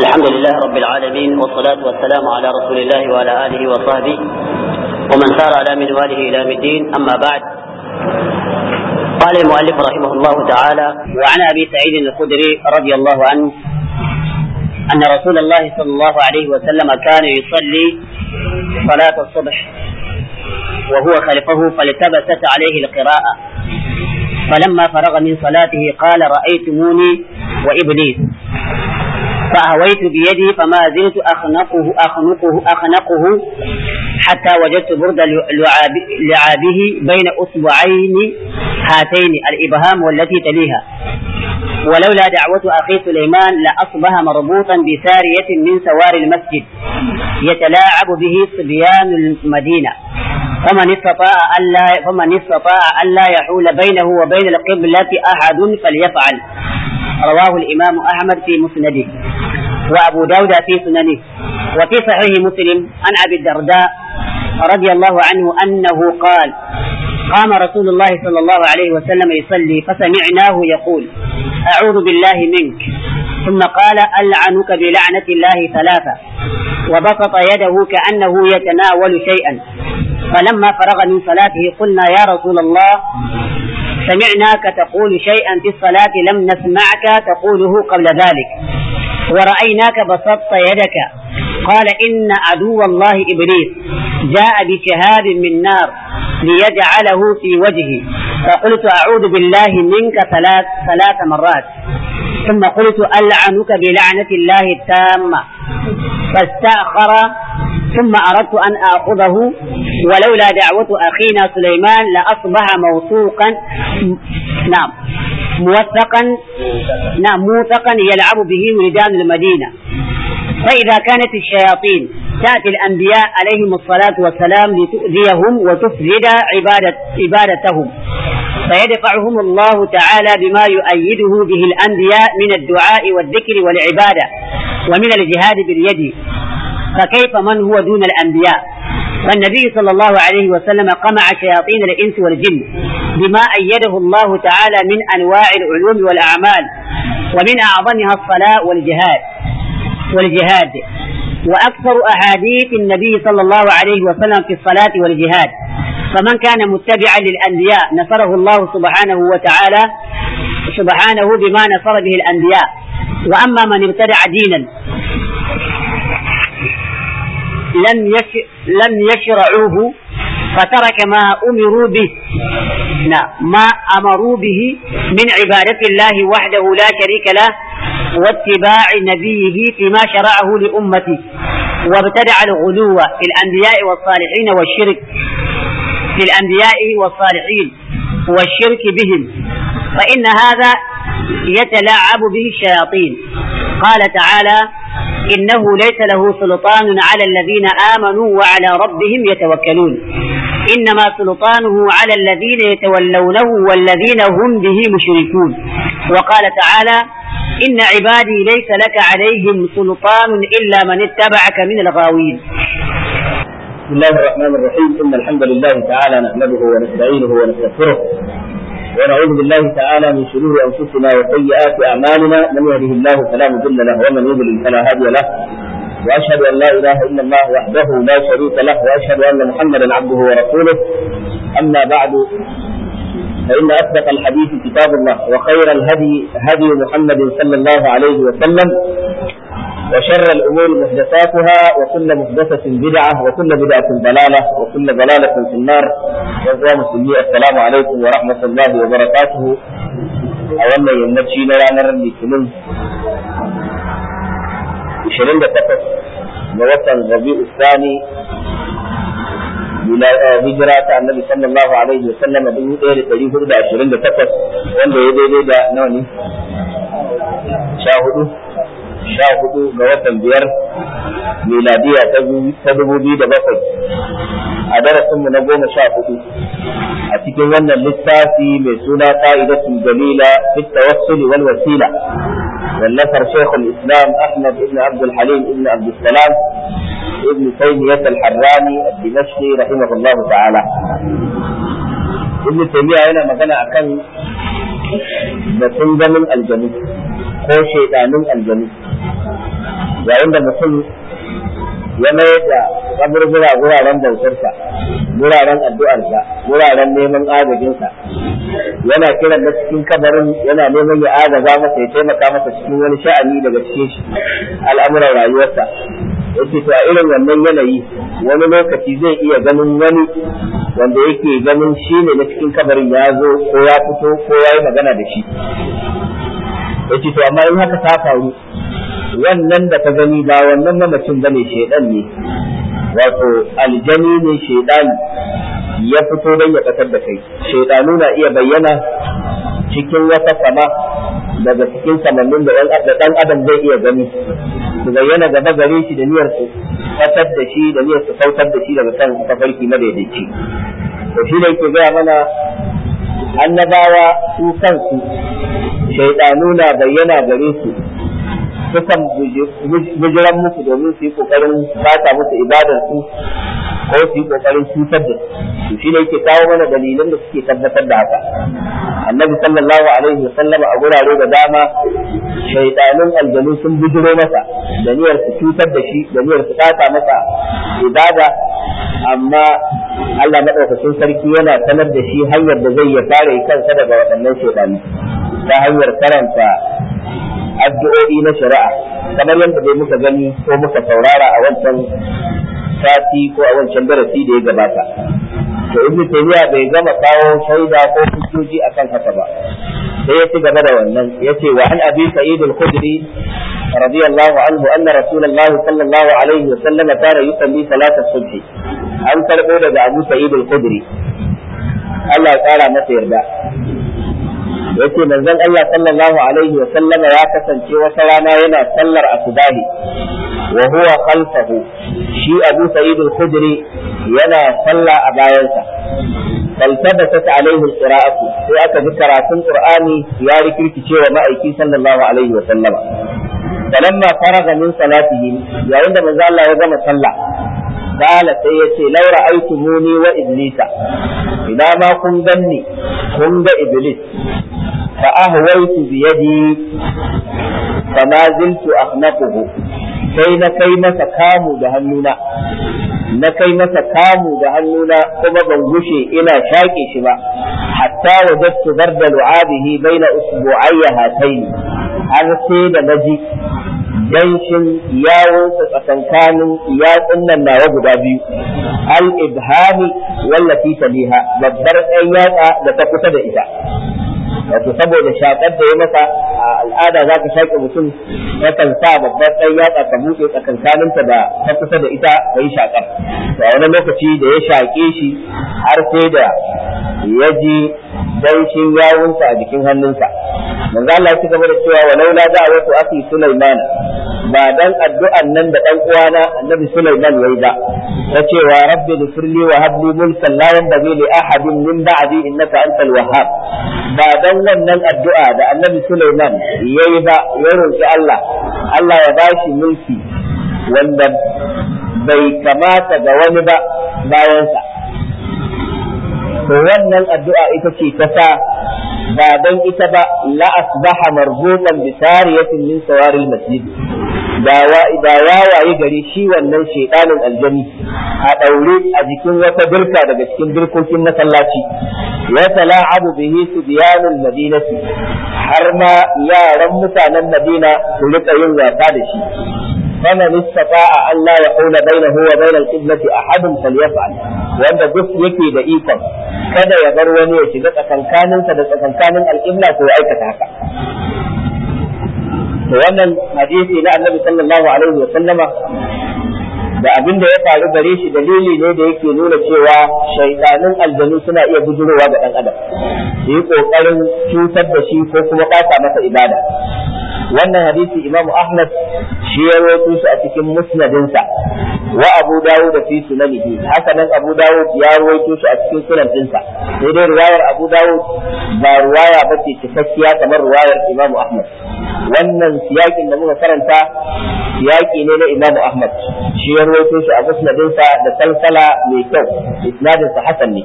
الحمد لله رب العالمين والصلاة والسلام على رسول الله وعلى آله وصحبه ومن سار على منواله إلى مدين أما بعد قال المؤلف رحمه الله تعالى وعن أبي سعيد الخدري رضي الله عنه أن رسول الله صلى الله عليه وسلم كان يصلي صلاة الصبح وهو خلفه فالتبست عليه القراءة فلما فرغ من صلاته قال رأيتموني وإبليس فأهويت بيدي فما زلت أخنقه أخنقه أخنقه حتى وجدت برد لعابه بين أصبعين هاتين الإبهام والتي تليها ولولا دعوة أخي سليمان لأصبح مربوطا بسارية من سوار المسجد يتلاعب به صبيان المدينة فمن استطاع ألا فمن استطاع ألا يحول بينه وبين القبلة أحد فليفعل رواه الإمام أحمد في مسنده وأبو داود في سننه وفي صحيح مسلم عن أبي الدرداء رضي الله عنه أنه قال قام رسول الله صلى الله عليه وسلم يصلي فسمعناه يقول أعوذ بالله منك ثم قال ألعنك بلعنة الله ثلاثة وبسط يده كأنه يتناول شيئا فلما فرغ من صلاته قلنا يا رسول الله سمعناك تقول شيئا في الصلاة لم نسمعك تقوله قبل ذلك ورأيناك بسطت يدك قال إن عدو الله إبليس جاء بشهاب من نار ليجعله في وجهه فقلت أعوذ بالله منك ثلاث, ثلاث مرات ثم قلت ألعنك بلعنة الله التامة فاستأخر ثم أردت أن آخذه ولولا دعوة أخينا سليمان لأصبح موثوقا نعم موثقا نعم موثقا يلعب به ولدان المدينة فإذا كانت الشياطين تأتي الأنبياء عليهم الصلاة والسلام لتؤذيهم وتفسد عبادة عبادتهم فيدفعهم الله تعالى بما يؤيده به الأنبياء من الدعاء والذكر والعبادة ومن الجهاد باليد فكيف من هو دون الأنبياء والنبي صلى الله عليه وسلم قمع شياطين الإنس والجن بما أيده الله تعالى من أنواع العلوم والأعمال ومن أعظمها الصلاة والجهاد والجهاد وأكثر أحاديث النبي صلى الله عليه وسلم في الصلاة والجهاد فمن كان متبعا للأنبياء نصره الله سبحانه وتعالى سبحانه بما نصر به الأنبياء وأما من ابتدع دينا لم يش... لم يشرعوه فترك ما أمروا به نعم، ما أمروا به من عبادة الله وحده لا شريك له واتباع نبيه فيما شرعه لأمته وابتدع الغلو في الأنبياء والصالحين والشرك في الأنبياء والصالحين والشرك بهم فإن هذا يتلاعب به الشياطين قال تعالى إنه ليس له سلطان على الذين آمنوا وعلى ربهم يتوكلون إنما سلطانه على الذين يتولونه والذين هم به مشركون وقال تعالى إن عبادي ليس لك عليهم سلطان إلا من اتبعك من الغاوين بسم الله الرحمن الرحيم إن الحمد لله تعالى نحمده ونستعينه ونستغفره ونعوذ بالله تعالى من شرور أنفسنا وسيئات أعمالنا من يهده الله فلا مضل له ومن يضلل فلا هادي له واشهد ان لا اله الا الله وحده لا شريك له واشهد ان محمدا عبده ورسوله اما بعد فإن أصدق الحديث كتاب الله وخير الهدي هدي محمد صلى الله عليه وسلم وشر الأمور محدثاتها وكل محدثة بدعة وكل بدعة ضلالة وكل ضلالة في النار يا مسلمي السلام عليكم ورحمة الله وبركاته أولا يمنتشي لا نرى لكلهم 28 ga watan الربيع الثاني hijira ta annabi sallallahu alaihi wa sallama dubu ɗaya da ɗari hudu da ashirin da takwas wanda ya daidai da nawa ne sha hudu sha hudu ga watan biyar miladiya ta dubu biyu da bakwai a darasinmu na goma sha hudu a cikin wannan littafi mai suna ƙa'idatul dalila fit tawassul wal wasila wallafar shaykhul islam ahmad ibn abdul halim ibn abdul salam ابن تيمية الحراني الدمشقي رحمه الله تعالى ابن تيمية هنا مغنى أكن batun ganin aljanu ko shaidanin aljanu yayin da mutum ya mayar da kaburbura wuraren bautarsa wuraren addu'arsa wuraren neman agajinsa yana kiran da cikin kabarin yana neman ya agaza masa ya taimaka masa cikin wani sha'ani daga cikin al'amuran rayuwarsa yake to a irin wannan yanayi wani lokaci zai iya ganin wani wanda yake ganin shi ne na cikin kabarin ya zo ko ya fito ko ya yi magana da shi yake to amma in haka ta faru wannan da ta gani ba wannan mamacin bane shaidan ne wato aljani ne shaidan ya fito don ya fitar da kai shaidanu na iya bayyana cikin wata sama daga cikin kamannin da ɗan adam zai iya gani su bayyana gaba gare shi da niyyar su fatar da shi da niyyar su kautar da shi daga kan tafarki madaidaici da shi ne ke gaya mana annabawa su kansu shaidanu na bayyana gare su sukan bujiran musu domin su yi kokarin bata musu ibadarsu. ko su yi kokarin cutar da su shi ne yake kawo mana dalilan da suke tabbatar da haka annabi sallallahu alaihi wasallam a gurare da dama shaytanun aljanu sun bijiro masa da niyyar su cutar da shi da niyyar su kasa masa ibada amma Allah madaukakin sarki yana sanar da shi hanyar da zai ya kare kansa daga waɗannan shaytanu ta hanyar karanta addu'o'i na shari'a kamar yadda dai muka gani ko muka saurara a wancan sati ko a wancan darasi da ya gabata to ibnu taymiya bai gama kawo shaida ko hujjoji akan haka ba sai ya ci gaba da wannan yace wa an abi sa'id al-khudri radiyallahu anhu anna rasulullahi sallallahu alaihi wa sallam kana yusalli salat as an karbo daga abu sa'id al-khudri Allah ya kara masa yarda yace manzon Allah sallallahu alaihi wa sallama ya kasance wata rana yana sallar asubahi wa huwa khalfahu shi Abu Sa'id al-Khudri yana salla a bayansa faltabatat alaihi al-qira'atu sai aka ji karatun Qur'ani ya rikirkice wa ma'aiki sallallahu alaihi wa sallama falamma faraga min salatihi yayin da manzo Allah ya gama sallah qala sai yace law muni wa iblisa ina ma kun ganni kun ga iblis fa ahwaytu bi yadi fa ma ziltu ahnaquhu sai na kai masa kamu da hannuna na kai masa kamu da hannuna kuma ban gushe ina shaƙe shi ba hatta wajadtu da lu'abihi baina usbu'ayya hataini har sai da naji danshin ta tsakankanin yatsun nan nawa guda biyu al ibhami wallati taliha babbar ɗan yatsa da ta kusa da ita wato saboda shakar da ya masa a al'ada za ka shaƙe mutum yakan sa babbar ɗan yatsa ka buɗe tsakankaninta da ta kusa da ita ka yi shakar da wani lokaci da ya shaƙe shi har sai da ya ji ya yawunsa a jikin hannunsa manzo Allah ya gaba da cewa walau la wasu aki Sulaiman ba dan addu'an nan da dan uwana annabi Sulaiman yayi ba ta cewa rabbi ghfirli wa habli mulkan la yanbaghi li ahadin min ba'di innaka antal wahhab ba dan wannan addu'a da annabi Sulaiman yayi ba ya roki Allah Allah ya bashi mulki wanda bai kamata ga wani ba bayansa wannan addu'a ita ce ta sa ba dan ita ba la asbaha marzuqan bi sariyatin min sawaril masjid da wa da gari shi wannan shedanin aljani a daure a jikin wata birka daga cikin birkokin masallaci ya tala'abu bihi subyanul madinati har ma yaran mutanen madina su rika yin wasa da shi faman istata'a an la yaqula bainahu wa bain al-qiblati ahadun falyaf'al wanda duk yake da ikon kada ya bar wani ya shiga tsakankaninsa da tsakankanin al-qibla ya aikata haka to wannan hadisi na annabi sallallahu alaihi wa sallama da abin da ya faru gare shi dalili ne da yake nuna cewa shaidanin aljanu suna iya bujurowa ga dan adam su yi kokarin cutar da shi ko kuma kasa masa ibada wannan hadisi imamu ahmad shi ya roƙo su a cikin musnadinsa wa abu dawud fi sunanihi haka nan abu dawud ya roƙo su a cikin sunan dinsa sai dai riwayar abu dawud ba riwaya bace cikakkiya kamar ruwayar imamu ahmad wannan siyakin da muka karanta siyaki ne na imamu ahmad shi ya rawaito shi a musnadinsa da salsala mai kyau isnadin sa hasan ne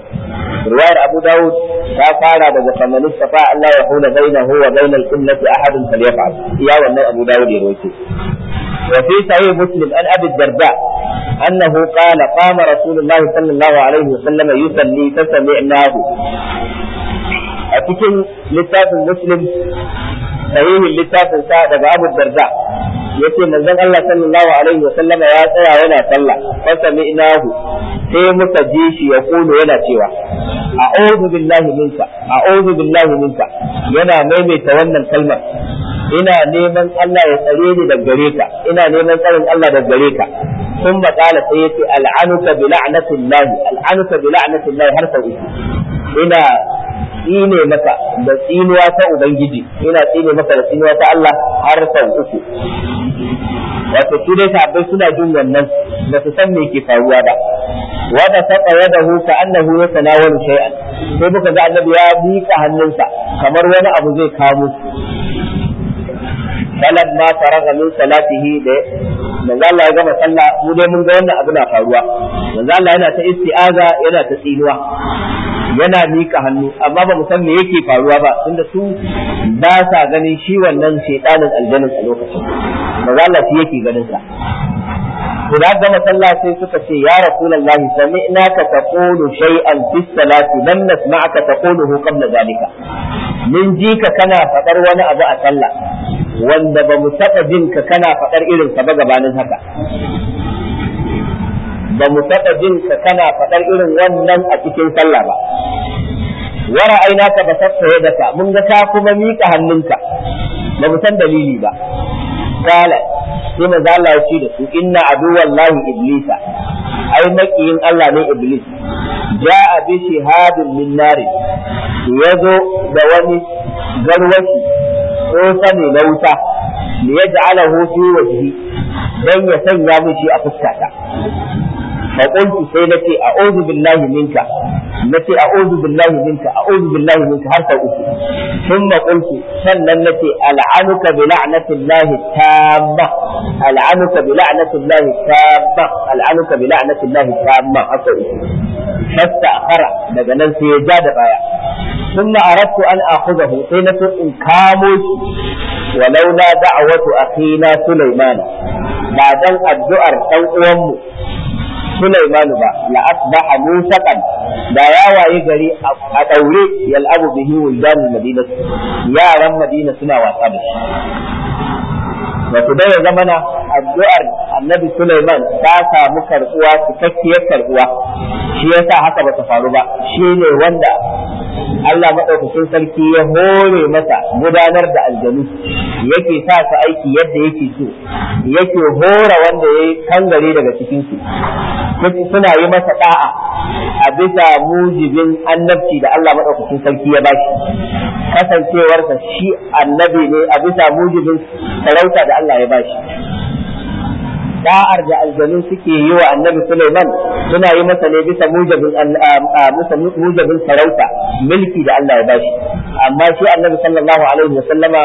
riwayar abu daud ta fara daga famanin safa Allah ya hula bainahu wa bainal qiblati ahadun falyaf'al iya wannan abu daud ya rawaito وفي صحيح مسلم عن ابي الدرداء انه قال قام رسول الله صلى الله عليه وسلم يصلي فسمعناه a cikin littafin muslim sahihin littafin sa daga abu darda yace manzon Allah sallallahu alaihi wa sallama ya tsaya yana sallah fa sami'nahu sai muka ji shi ya kulo yana cewa a'udhu billahi minka a'udhu billahi minka yana maimaita wannan kalmar ina neman Allah ya tsare ni daga gare ka ina neman tsarin Allah daga gare ka ثم قال al'anuka ألعنك al'anuka الله ألعنك بلعنة uku. ina tsine maka da tsinuwa ta ubangiji ina tsine maka da tsinuwa ta Allah har sau uku wato su dai sahabbai suna jin wannan da su san me ke faruwa ba wata saka yadahu ka annahu wani shay'an sai muka ga annabi ya miƙa hannunsa kamar wani abu zai kamo su balan ma faraga min salatihi da manzo Allah ya gama sallah mu dai mun ga wannan abu na faruwa manzo Allah yana ta isti'aza yana ta tsinuwa yana mika hannu amma ba san me yake faruwa ba tunda su ba sa ganin shi wannan shedanin aljanin a lokacin manzo Allah shi yake ganin sa guda gama sallah sai suka ce ya rasulullahi sami'na ka taqulu shay'an fi salati lam nasma'aka taquluhu qabla zalika mun ji ka kana fadar wani abu a sallah wanda ba mu taba jin ka kana fadar irin ka ba gabanin haka ba mu taba jin ka kana fadar irin wannan a cikin sallah ba wara aina ka ba yadaka mun ga ka kuma miƙa hannunka ba mu san dalili ba qala sai manzo Allah da su inna wallahi iblisa ai makiyin Allah ne iblis a bi shihadin min ya yazo da wani garwashi ko sani na wuta ya li yaj'alahu fi wajhi dan ya sanya mishi a fuskata fa qultu sai nace a'udhu billahi minka nace a'udhu billahi minka a'udhu billahi minka har sau uku thumma qultu sannan nace al'anuka bi la'natillahi tamma al'anuka bi la'natillahi tamma al'anuka bi la'natillahi har sau uku fasta daga nan sai ya ja da baya thumma aradtu an akhudahu sai na in kamo shi ولولا دعوة أخينا سليمان بعد الدعاء أو أمه Sulaiman ba la asbaha musaqan da ya waye gari a daure yal'abu bihi wuldan madina yaran madina suna wasa da shi daya zamana addu'ar annabi Sulaiman ta samu karbuwa cikakkiyar karbuwa shi yasa haka ba ta faru ba shi ne wanda Allah maɗaukakin sarki ya hore masa gudanar da aljanu yake sa su aiki yadda yake so yake hora wanda ya kangare daga cikin su suna yi masa da'a a bisa mujibin annabci da Allah maɗaukakin sarki ya bashi kasancewarsa shi annabi ne a bisa mujibin sarauta da Allah ya bashi da'ar da aljanu suke yi wa annabi Sulaiman suna yi masa ne bisa mujabin sarauta mulki da Allah ya bashi amma shi annabi sallallahu alaihi wa sallama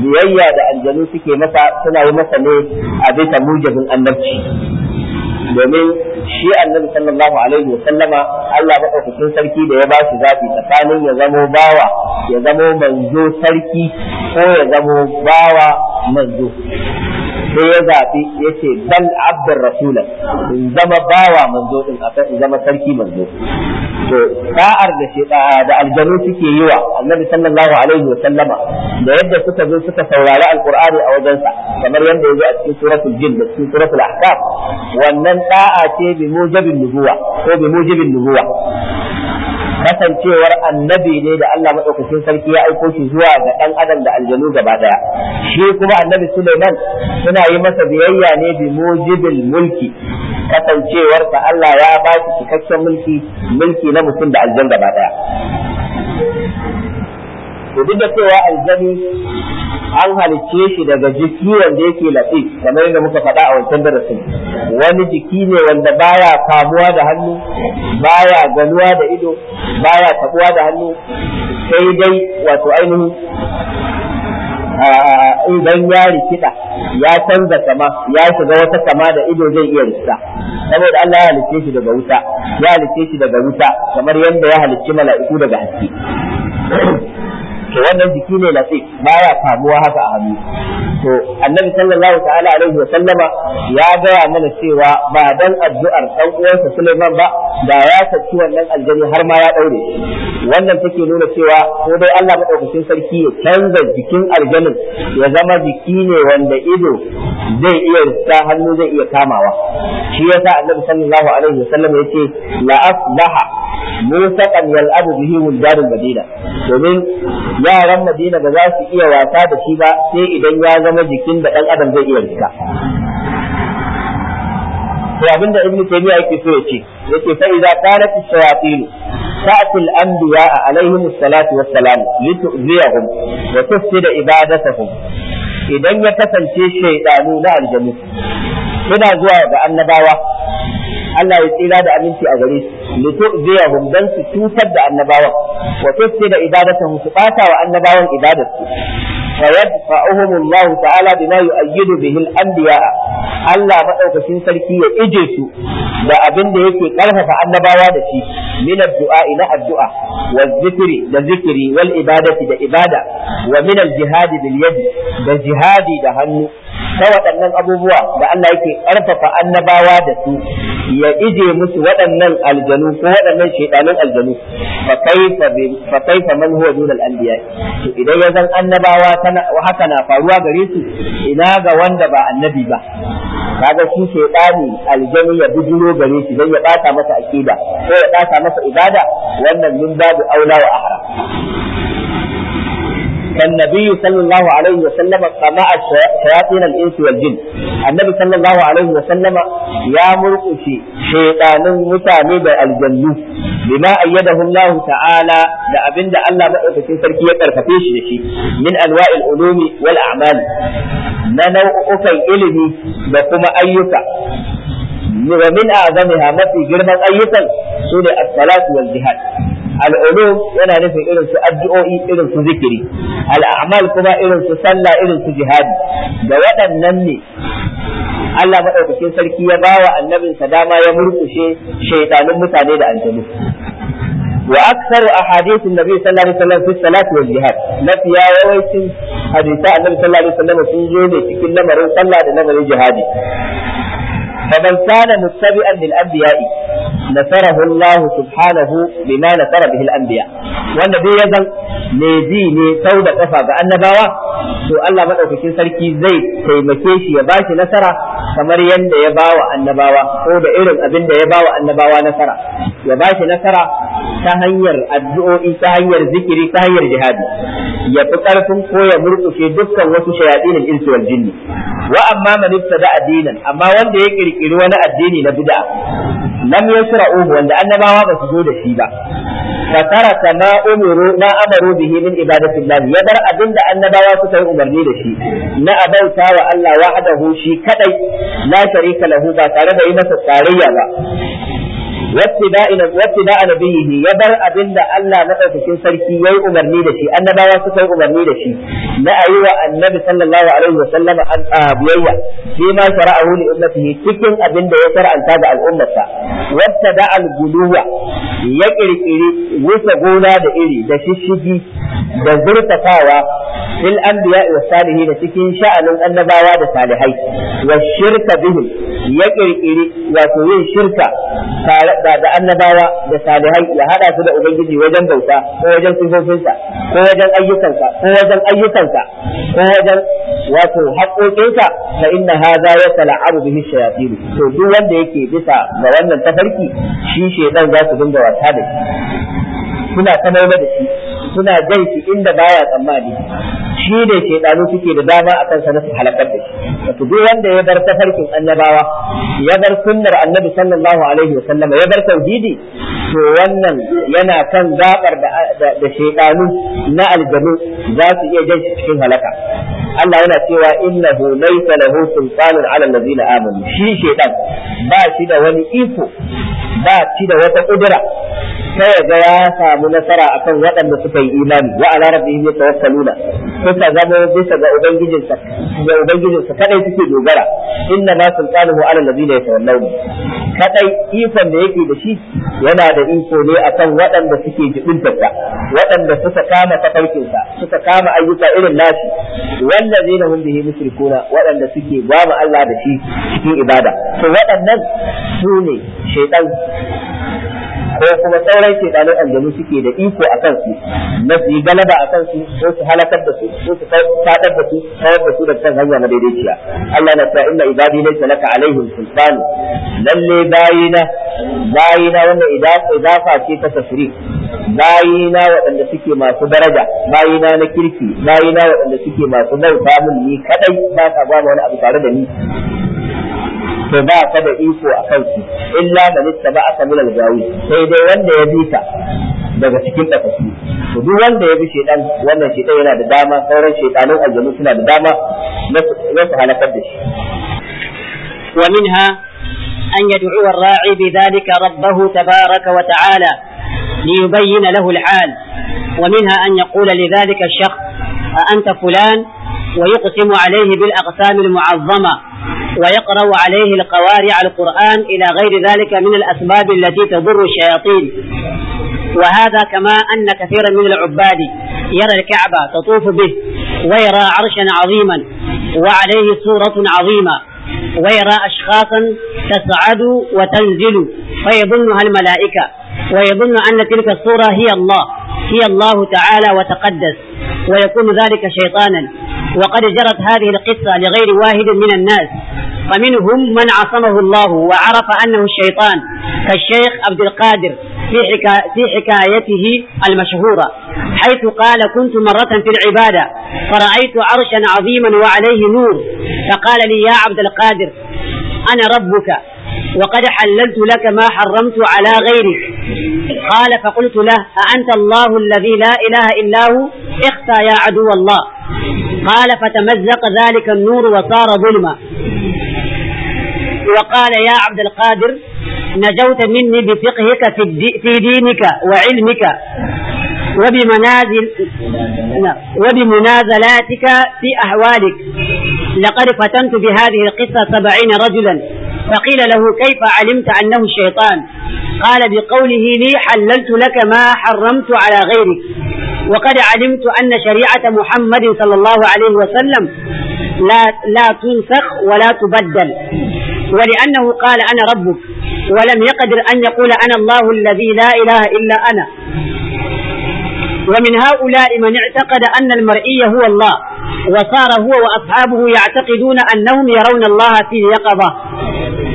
biyayya da aljanu suke masa suna yi masa ne a bisa mujabin annabci domin shi annabi sallallahu alaihi wa sallama Allah madaukakin sarki da ya bashi zafi tsakanin ya zamo bawa ya zamo manzo sarki ko ya zamo bawa manzo sai ya zaɓi ya ce bal abdar rasula in zama bawa manzo din a in zama sarki manzo to da'ar da shi da aljanu suke yi wa annabi sallallahu alaihi wa sallama da yadda suka zo suka saurari alqur'ani a wajen sa kamar yadda ya zo a cikin suratul jin da cikin suratul ahqaf wannan da'a ce bi mujibin nubuwa ko bi mujibin nubuwa kasancewar annabi ne da Allah maɗaukakin sarki ya aiko shi zuwa ga ɗan adam da aljanu gaba ɗaya shi kuma annabi Suleiman suna yi masa biyayya ne bi mujibil mulki kasancewarsa Allah ya ba shi cikakken mulki mulki na mutum da aljan gaba daya to duk da cewa aljani an halicce shi daga jiki wanda yake latsi kamar yadda muka faɗa a wancan darasin wani jiki ne wanda baya kamuwa da hannu baya ganuwa da ido baya tabuwa da hannu sai dai wato ainihin idan ya rikida ya canza sama, ya shiga wata sama da ido zai iya rikida saboda Allah ya halicce shi daga wuta ya halicce shi daga wuta kamar yadda ya halicci mala'iku daga haske to wannan jiki ne lafi baya kamuwa haka a hannu to annabi sallallahu ta'ala alaihi wa sallama ya gaya mana cewa ba dan addu'ar dan uwansa Sulaiman ba da ya saki wannan aljani har ma ya daure wannan take nuna cewa ko dai Allah madaukakin sarki ya canza jikin aljanin ya zama jiki ne wanda ido zai iya sa hannu zai iya kamawa shi yasa annabi sallallahu alaihi wa sallama yace la asbaha musaqan yal'abu bihi wuldarul madina domin yaran Madina ba za su iya wasa da shi ba sai idan ya zama jikin da ɗan adam zai iya rika to abinda ibn taymiya yake so ta yace fa idza qalat ash-shayatin ta'ti anbiya alaihim as-salatu was-salam litu'ziyahum wa tufsida ibadatahum idan ya kasance shaydanu na aljannu suna zuwa ga annabawa Allah ya tsira da aminci a gare su li tu'ziyahum dan su tutar da annabawan wa da ibadatan su bata wa annabawan ibadarsu wa yadfa'uhum Allah ta'ala bima yu'ayyidu bihi al-anbiya Allah madaukakin sarki ya ije su da abin da yake karfafa annabawa da shi min addu'a ila addu'a wa zikri da zikri wal ibadati da ibada wa min al-jihadi bil yadi da jihadi da hannu na waɗannan abubuwa da Allah yake ƙarfafa annabawa da su ya ije musu waɗannan aljanu ko waɗannan shaidanun aljanu fa kaifa man huwa dunal anbiya to idan ya zan annabawa haka na faruwa gare su ina ga wanda ba annabi ba kaga shi shaidani aljanu ya bijiro gare su dan ya bata masa aqida ko ya ɓata masa ibada wannan min babu aula wa ahra فالنبي صلى الله عليه وسلم سمع شياطين الانس والجن النبي صلى الله عليه وسلم يا مرقشي شيطان متامد الجن بما ايده الله تعالى لابن الله مؤتكين تركيا ترفتيش لشي من انواع العلوم والاعمال ما نوع اوكي الهي بكما ايوكا ومن اعظمها ما في جرمك ايوكا سورة الصلاة والجهاد al’ulum yana nufin irin su addu’o’i irin su zikiri al’amal kuma irin su sallah irin su jihadi ga waɗannan ne Allah maɗaukacin sarki ya ba wa annabinsa dama ya murƙushe shaitanin mutane da aljanu wa a ahadithu nabi sallallahu alaihi wasallam salatu wa jihad nafi ya yawaitin hadisa annabi sallallahu alaihi sun zo ne cikin lamarin sallah da lamarin jihadi فمن كان متبعا للانبياء نصره الله سبحانه بما نصر به الانبياء wanda dai ya zan me ji ne sau da ƙafa ga annabawa to Allah madaukakin sarki zai taimake shi ya ba shi nasara kamar yadda ya ba wa annabawa ko da irin abin da ya ba wa annabawa nasara ya ba shi nasara ta hanyar addu'o'i ta hanyar zikiri ta hanyar jihadi ya fi ƙarfin ko ya murkushe dukkan wasu shayadinin insu wal jinni wa amma man ibtada amma wanda ya kirki kirkiri wani addini na bid'a lam yasra'uhu wanda annabawa ba su zo da shi ba fa taraka ma umiru ma amaru bihi min ibadati ya bar abin da annabawa suka yi umarni da shi na abauta wa Allah wahdahu shi kadai la sharika lahu ba tare da yi masa tarayya ba wattida'a nabiyhi ya bar abinda Allah na madaukakin sarki yayi umarni da shi annabawa suka yi umarni da shi na ayi wa annabi sallallahu alaihi wa sallama biyayya shi ma shara'ahu li ummatihi cikin abinda ya shar'anta ga al'ummarsa wattada'a al-guluwa ya ƙirƙiri wuce gona da iri da shishigi da zurfafawa fil anbiya wa salihin cikin sha'anin annabawa da salihai wa shirka bihim ya kirkiri wato yin shirka sa da annabawa da salihai ya hada su da ubangiji wajen bauta ko wajen sifofinsa ko wajen ayyukansa ko wajen ayyukansa ko wajen wato haƙoƙinsa fa inna hadha ya bihi shayatin to duk wanda yake bisa ga wannan tafarki shi shedan za su dinga wasa da shi suna ta da shi suna jan shi inda baya tsammani shi ne shedanu suke da dama a kansa na halakar da shi wato duk wanda ya bar tafarkin annabawa ya bar sunnar annabi sallallahu alaihi wasallam ya bar tauhidi to wannan yana kan gabar da da shedanu na aljanu za su iya jan cikin halaka Allah yana cewa innahu laysa lahu sultanun ala allazina amanu shi shedan ba shi da wani iko ba shi da wata kudura sai ya ga ya samu nasara akan waɗanda suka yi imani wa ala rabbihim yatawakkaluna ko suka zama bisa ga ubangijinsa ga ubangijinsa kadai suke dogara inna ma sultanuhu ala alladhina yatawallawna kadai ifan da yake da shi yana da iko ne akan waɗanda suke jibintarsa waɗanda suka kama tafarkinsa suka kama ayyuka irin nashi wallazina hum bihi mushrikuna waɗanda suke gwama Allah da shi cikin ibada to waɗannan su ne shaitan ko kuma sauran shekalun aljanu suke da iko a kansu na su yi galaba a kansu ko su halakar da su sai su fadar da su tayar da su da kan hanya na daidaiciya Allah na sain inna ibadi laysa laka alaihim sultan lalle bayina bayina wanda idafa ce ta tasri bayina waɗanda suke masu daraja bayina na kirki bayina waɗanda suke masu nauta mun ni kadai ba ka ba wani abu tare da ni to ba ka da iko a kansu illa man ittaba'aka min al-gawi sai dai wanda ya bi ka daga cikin tafasu to duk wanda ya bi shedan wannan shedan yana da dama sauran shedanun aljanu suna da dama na su halakar da shi wa minha أن يدعو الراعي بذلك ربه تبارك وتعالى ليبين له الحال ومنها أن يقول لذلك الشخص أأنت فلان ويقسم عليه بالأقسام المعظمة ويقرأ عليه القوارع القرآن إلى غير ذلك من الأسباب التي تضر الشياطين وهذا كما أن كثيرا من العباد يرى الكعبة تطوف به ويرى عرشا عظيما وعليه صورة عظيمة ويرى أشخاصا تصعد وتنزل فيظنها الملائكة ويظن أن تلك الصورة هي الله هي الله تعالى وتقدس ويكون ذلك شيطانا وقد جرت هذه القصة لغير واحد من الناس فمنهم من عصمه الله وعرف أنه الشيطان كالشيخ عبد القادر في, في حكايته المشهورة حيث قال كنت مرة في العبادة فرأيت عرشا عظيما وعليه نور فقال لي يا عبد القادر أنا ربك وقد حللت لك ما حرمت على غيرك قال فقلت له أأنت الله الذي لا إله إلا هو اخفى يا عدو الله قال فتمزق ذلك النور وصار ظلما وقال يا عبد القادر نجوت مني بفقهك في دينك وعلمك وبمنازل نعم. وبمنازلاتك في أحوالك لقد فتنت بهذه القصة سبعين رجلا فقيل له كيف علمت أنه الشيطان قال بقوله لي حللت لك ما حرمت على غيرك وقد علمت أن شريعة محمد صلى الله عليه وسلم لا, لا تنسخ ولا تبدل ولأنه قال أنا ربك ولم يقدر أن يقول أنا الله الذي لا إله إلا أنا ومن هؤلاء من اعتقد أن المرئي هو الله وصار هو وأصحابه يعتقدون أنهم يرون الله في اليقظة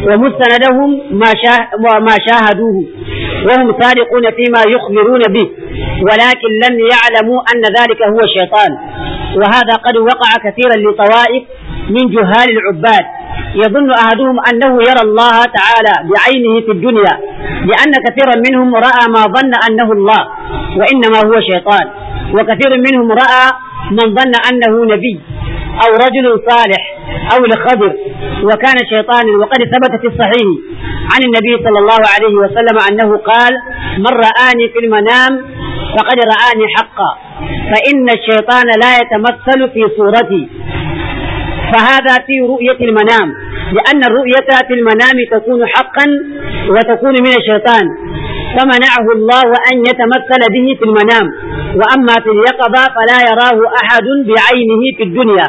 ومستندهم ما, ما شاهدوه وهم صادقون فيما يخبرون به ولكن لم يعلموا أن ذلك هو الشيطان وهذا قد وقع كثيرا لطوائف من جهال العباد يظن أحدهم أنه يرى الله تعالى بعينه في الدنيا لأن كثيرا منهم رأى ما ظن أنه الله وإنما هو شيطان وكثير منهم رأى من ظن أنه نبي أو رجل صالح أو الخضر وكان شيطانا وقد ثبت في الصحيح عن النبي صلى الله عليه وسلم أنه قال من رآني في المنام فقد رآني حقا فإن الشيطان لا يتمثل في صورتي فهذا في رؤية المنام لأن الرؤية في المنام تكون حقا وتكون من الشيطان فمنعه الله أن يتمثل به في المنام وأما في اليقظة فلا يراه أحد بعينه في الدنيا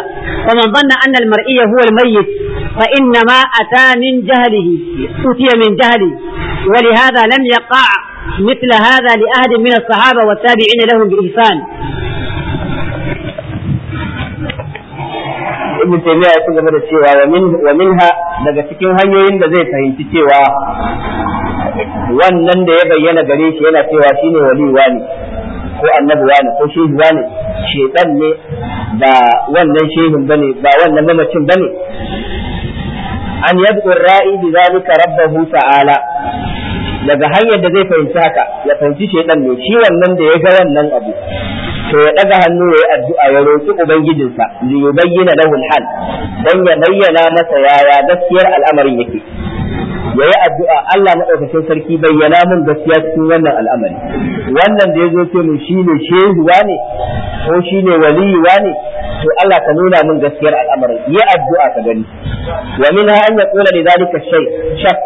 فمن ظن أن المرئي هو الميت فإنما أتى من جهله أتي من جهله ولهذا لم يقع مثل هذا لأحد من الصحابة والتابعين لهم بإحسان ibn taymiya ya game gaba da cewa wa minha daga cikin hanyoyin da zai fahimci cewa wannan da ya bayyana gare shi yana cewa shine wali wani ko annabi wani ko shehu wani shedan ne ba wannan shehin bane ba wannan mamacin bane an yadkur ra'i bi zalika rabbahu ta'ala daga hanyar da zai fahimci haka ya fahimci shaidan ne shi wannan da ya ga wannan abu to ya daga hannu ya yi addu'a ya roki ubangijinsa liyubayyana lahu alhal dan ya bayyana masa yaya gaskiyar al'amarin yake ya yi addu'a Allah na sai sarki bayyana mun gaskiya cikin wannan al'amari wannan da ya zo ce mun shi ne shehu ne ko shi ne waliyu ne to Allah ka nuna mun gaskiyar al'amari, ya addu'a ka gani wa min ha an yaqula li zalika shai? shak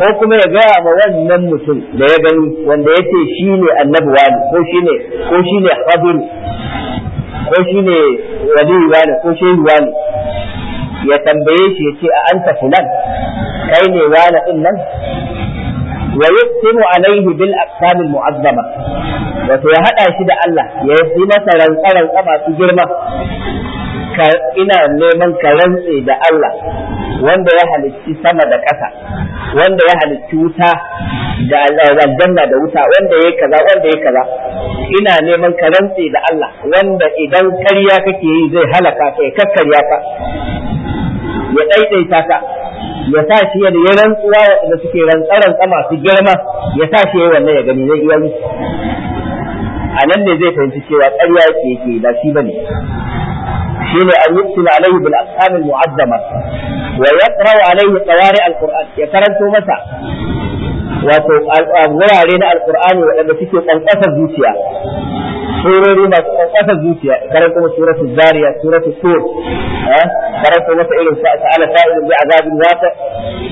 ko kuma ya gaya ma wannan mutum da ya gani wanda yace shi ne annabi wane? ko shi ne ko shi ne ko shi ne waliyu wane? ko shehu wane? ya tambaye shi ya ce a anta fulan kai ne wani din nan wa yuqsimu alaihi bil aqsam al mu'azzama wato ya hada shi da Allah ya yi masa rantsa rantsa masu girma ina neman ka rantse da Allah wanda ya halicci sama da ƙasa wanda ya halicci wuta da aljanna da wuta wanda ya kaza wanda ya kaza ina neman ka rantse da Allah wanda idan ƙarya kake yi zai halaka ka ya kakkarya ka ya daidaita ka ya sa shi yadda ya rantsuwa da suke tsama su girma ya sa shi wannan ya gani zai iya yi a nan ne zai fahimci cewa ƙarya yake yake ba shi bane حين أن يرسل عليه بالأقسام المعدمه ويقرأ عليه قوارئ القرآن انتم متى وتقرأ علينا القرآن ولما تكي قنقصة الزيسية surori masu kwakwata zuciya karan kuma suratu zariya suratu tur karan eh, kuma ta irin sa'a sa'ala sa'ilun bi azabin wata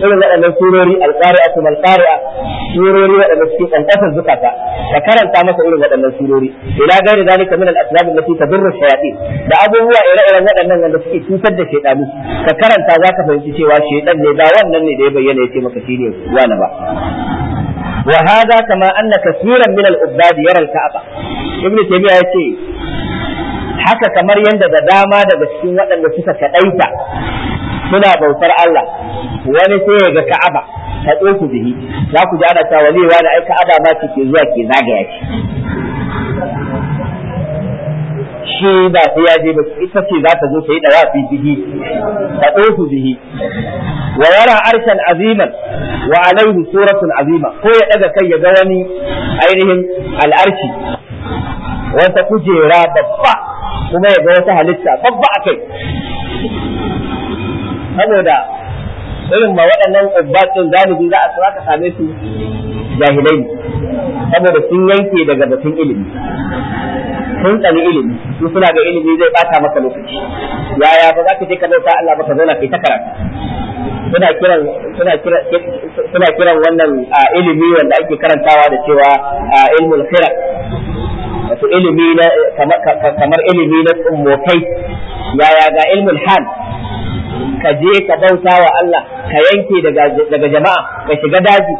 irin waɗannan surori alƙari'a mal qari'a surori waɗanda suke kwakwata zukata ka karanta masa irin waɗannan surori ila gairi zalika min al-asnab allati tadurru shayatin da abubuwa ire-iren waɗannan wanda suke cutar da shaytanu ka karanta za ka fahimci cewa shaytan ne ba wannan ne da ya bayyana ya yace maka shine wani ba wa hadha kama anna kaseeran min al-ubbad yara al-ka'aba ibnu taymiya yace haka kamar yadda da dama daga cikin waɗanda suka kadaita suna bautar Allah wani sai ya ga ka'aba ta tsoku bihi za ku ji ana cewa walewa da ai ka'aba ma ke zuwa ke zagaya shi shi ba sai ya je ba ita ce za ta zo ta yi da rafi bihi ta ɗauku bihi wa yara arshan aziman wa alaihi suratun azima ko ya ɗaga kai ya ga wani ainihin al'arshi wata kujera babba kuma ya ga wata halitta babba a kai saboda irin ma waɗannan ubbatun galibi za a tsara ka same su jahilai saboda sun yanke daga batun ilimi Sun tsani ilimi su suna ga ilimi zai bata maka lokaci yaya ba za ka je ka bauta Allah ba ka zauna kai ta karatu suna kiran suna kiran suna kiran wannan ilimi wanda ake karantawa da cewa ilmul khira wato ilimi na kamar ilimi na tsummokai yaya ga ilmul hal ka je ka bauta wa Allah ka yanke daga jama'a ka shiga daji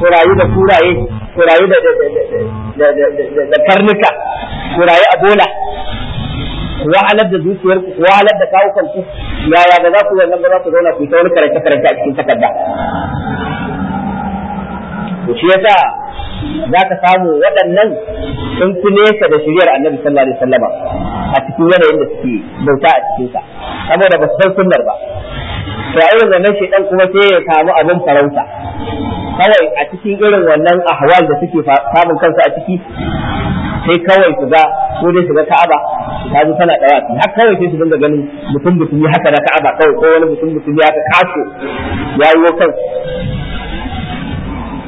ko rayu da kuraye kurayi da karnuka kurayi a bola ku wahalar da zuciyar ku wahalar da kawo kanku yaya da za ku wannan ba za ku zauna ku yi ta karanta karanta a cikin takarda ku shi yasa za ka samu waɗannan sun fi nesa da shiriyar annabi sallallahu alaihi wasallam a cikin yanayin da suke bauta a cikin sa saboda ba su san sunnar ba da irin wannan shaidan kuma sai ya samu abin farauta kawai a cikin irin wannan ahwal da suke samun kansu a ciki sai kawai su ga ko dai su ga ka'aba ta ji tana dawa su har kawai sai su dinga ganin mutum mutum ya haka na ka'aba kawai ko wani mutum mutum ya haka kaso ya yi kan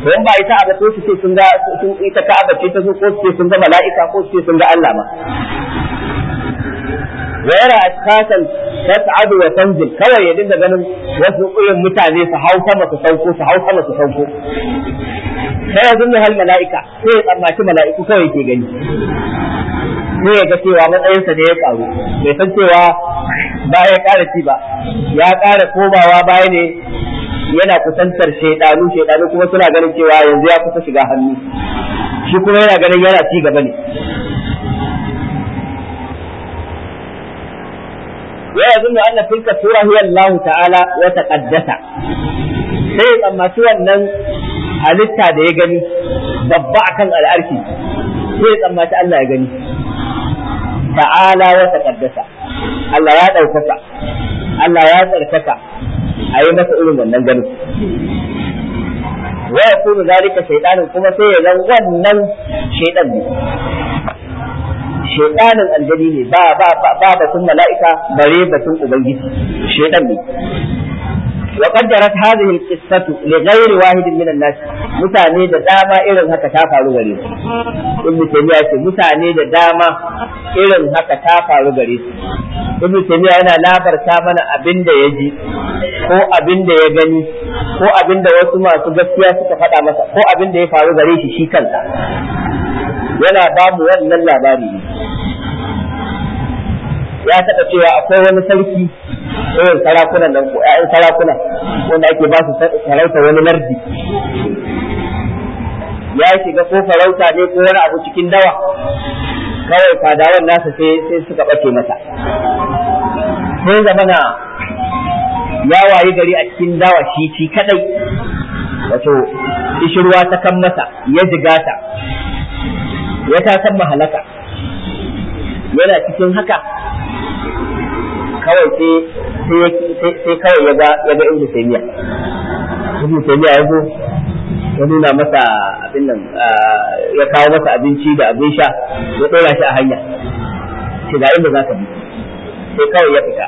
to in ba ita a ko su ce sun ga sun ita ka'aba ce ta zo ko su ce sun ga mala'ika ko su ce sun ga Allah ma gaira askasan tas'adu wa tanzil kawai ya dinga ganin wasu ƙuyin mutane su hau sama su sauko su hau sama su sauko sai yanzu zunna hal mala'ika sai ya tsammaci mala'iku kawai ke gani ne ya ga cewa matsayinsa ne ya karu bai san cewa ba ya ƙara ci ba ya ƙara komawa baya ne yana kusantar shaidanu shaidanu kuma suna ganin cewa yanzu ya kusa shiga hannu shi kuma yana ganin yana ci gaba ne ويظن أن تلك السورة هي الله تعالى وتقدس sai ya tsammaci wannan halitta da ya gani babba akan al'arki sai ya tsammaci Allah ya gani ta'ala wa taqaddasa Allah ya ɗaukaka Allah ya tsarkaka a yi masa irin wannan gani wa ya yakunu zalika shaytanin kuma sai ya zan wannan shaytan ne shaitanin aljani ne ba ba ba ba batun mala'ika bare batun ubangiji shedan ne wa qaddarat hadhihi al-qissatu li ghairi wahidin min an-nas mutane da dama irin haka ta faru gare su ibnu taymiya ce mutane da dama irin haka ta faru gare su ibnu taymiya yana labarta mana abin da ya ji ko abin da ya gani ko abin da wasu masu gaskiya suka faɗa masa ko abin da ya faru gare shi shi kansa yana babu wannan labari ne ya taɓa cewa akwai wani sarki irin sarakunan nan ko ƴaƴan sarakuna wanda ake ba su sarauta wani lardi ya shiga ko farauta ne ko wani abu cikin dawa kawai fadawan nasa sai suka ɓace masa sai zamana ya wayi gari a cikin dawa shi shi kadai wato ishirwa ta kan masa ya ta ya ta san mahalaka yana cikin haka kawai sai kawai ya ga ya ga ibnu taymiya ibnu taymiya ya zo ya nuna masa abin nan ya kawo masa abinci da abin sha ya dora shi a hanya ce ga inda za ka bi sai kawai ya fita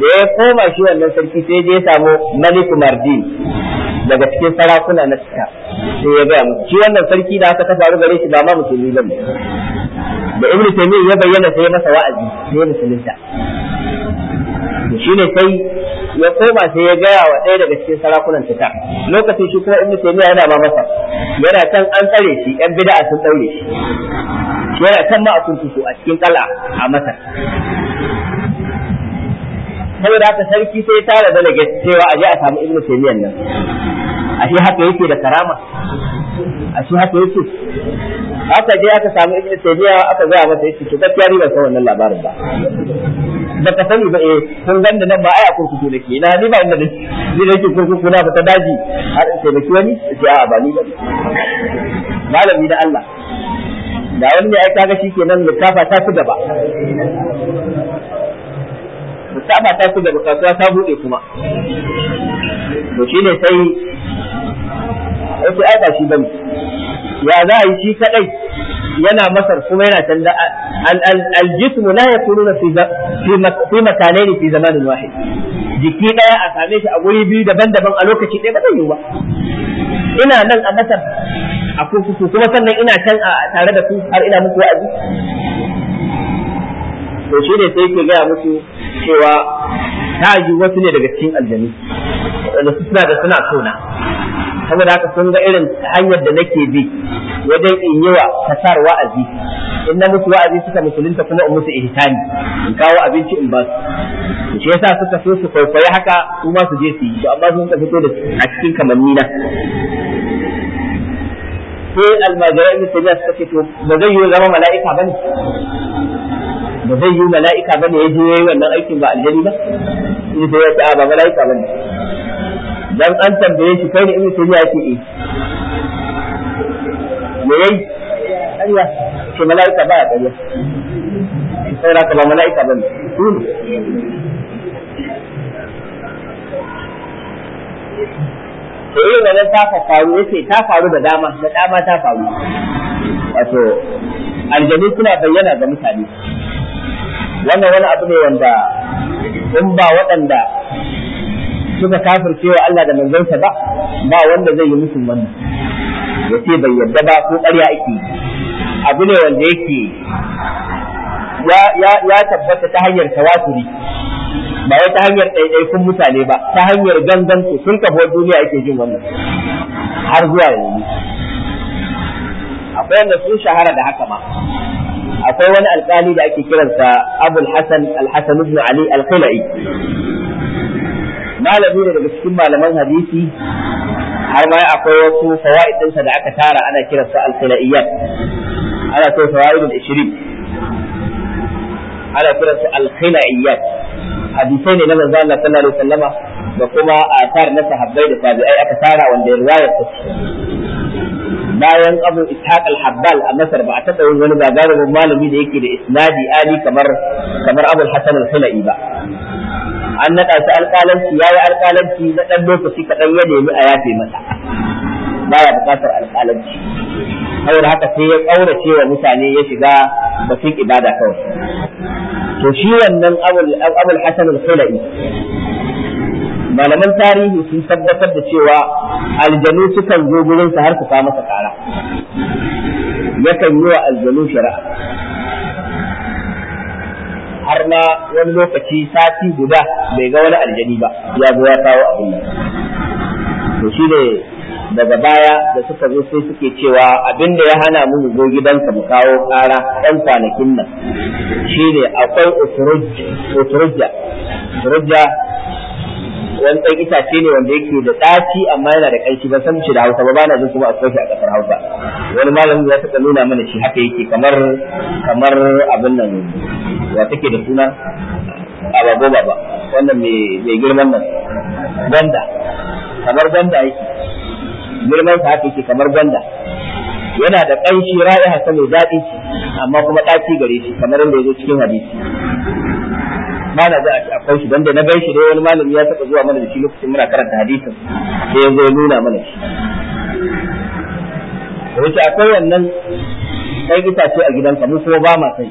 da ya koma shi wannan sarki sai dai ya samu malik mardin daga cikin sarakuna na cika sai ya gaya musu shi wannan sarki da aka faru gare shi ba ma musulmi bane da ibnu taymiyyah ya bayyana sai masa wa'azi sai musulunta Shi ne sai ya koma sai ya gaya wa ɗaya daga cikin sarakunan fita. lokacin shi kuma ibnu taymiya yana ba masa yana kan an tsare shi yan bid'a sun tsare shi yana kan ma a kuntuku a cikin kala a masar saboda haka sarki sai tara delegate cewa a je a samu ibnu taymiyyah nan ashe haka yake da karama ashe haka yake aka je aka samu ibnu taymiya aka ga masa yace to gaskiya ni ban san wannan labarin ba baka sani ba eh kun ganda nan ba ai akwai kurkuku nake ina ni ba inda ne ni nake kurkuku ba ta daji har in taimaki wani ce a'a ba ni ba malami da Allah da wani ne ai kaga shikenan likafa ta ci gaba likafa ta ci gaba kasuwa ta bude kuma to shine sai wasu ai ba shi bane ya za a yi shi kadai yana masar kuma yana can aljismu la yakununa fi makanaini fi zamanin wahid jiki daya a same shi a guri biyu daban-daban a lokaci ɗaya ba zai yiwu ba ina nan a masar a kurkuku kuma sannan ina can a tare da su har ina muku wa'azi to shi ne sai ke gaya musu cewa ta yi wasu ne daga cikin aljanu da suna da suna sona saboda haka sun ga irin hanyar da nake bi wajen in yi wa kasar wa'azi in na musu wa'azi suka musulunta kuma in musu ihsani in kawo abinci in ba su shi yasa suka so su kwaikwayi haka su ma su je su yi to amma sun ka fito da a cikin kamanni na sai almajirai ibn tabiya suka fito to ba zai yi zama mala'ika bane ba zai yi mala'ika bane ya je yayi wannan aikin ba aljani ba sai ya ce a ba mala'ika bane dan an tambaye shi kai ne sai ya ce eh me yayi ayya ce mala'ika ba ya sai saboda ka ba mala'ika ba ne to irin ne ta faru ce ta faru da dama da dama ta faru wato aljanu suna bayyana ga mutane wannan wani abu ne wanda in ba waɗanda suka kafirce wa Allah da manzonsa ba ba wanda zai yi musu wannan ya ce bai yarda ba ko ƙarya ake abu ne wanda yake ya tabbata ta hanyar tawaturi ba ya ta hanyar ɗaiɗaikun mutane ba ta hanyar gangansu sun kafuwar duniya ake jin wannan har zuwa yanzu akwai wanda sun shahara da haka ma akwai wani alƙali da ake kiransa abul hasan al-hasan ibn ali al malami ne daga cikin malaman hadisi har ma akwai wasu fawaid da aka tara ana kiran su al-khilaiyyat ana so fawaidul 20 ana kiran su al-khilaiyyat hadisai ne na manzo Allah sallallahu alaihi wasallama da kuma asar na sahabbai da tabi'ai aka tara wanda riwayar ta bayan abu ishaq al-habbal a masar ba a taɓa yin wani gagarumin malami da yake da isnadi ali kamar kamar abul hasan al-khilai ba an naɗa shi alƙalanci ya yi alƙalanci na ɗan lokaci kaɗan ya nemi a yafe masa baya buƙatar alƙalanci saboda haka sai ya ƙaurace wa mutane ya shiga batun ibada kawai to shi wannan abul hasan al-khulai malaman tarihi sun tabbatar da cewa aljanu sukan zo gurinsa har su masa kara yakan yi wa aljanu shari'a har na wani lokaci sati guda bai ga wani aljani ba ya zo ya kawo abin nan to shi ne daga baya da suka zo sai suke cewa abin da ya hana mu zo gidanka mu kawo ƙara ɗan kwanakin nan shine akwai usurujja usurujja wani ɗan itace ne wanda yake da ɗaci amma yana da ƙanshi ba san shi da Hausa ba ba na jin kuma a shi a ƙasar Hausa wani malamin ya taɓa nuna mana shi haka yake kamar kamar abin nan ya take da suna abago ba wannan mai girman nan banda kamar banda yake girman sa haka yake kamar banda yana da ƙanshi ra'ayi ta mai daɗi amma kuma ɗaci gare shi kamar yadda ya zo cikin hadisi Mana za a ci akwai shi da na gaishe shi dai wani malami ya taɓa zuwa mana da shi lokacin muna karanta hadisin sai ya zo ya nuna mana shi Yaushe akwai wannan ɗan ce a gidanka mu kuma ba ma sai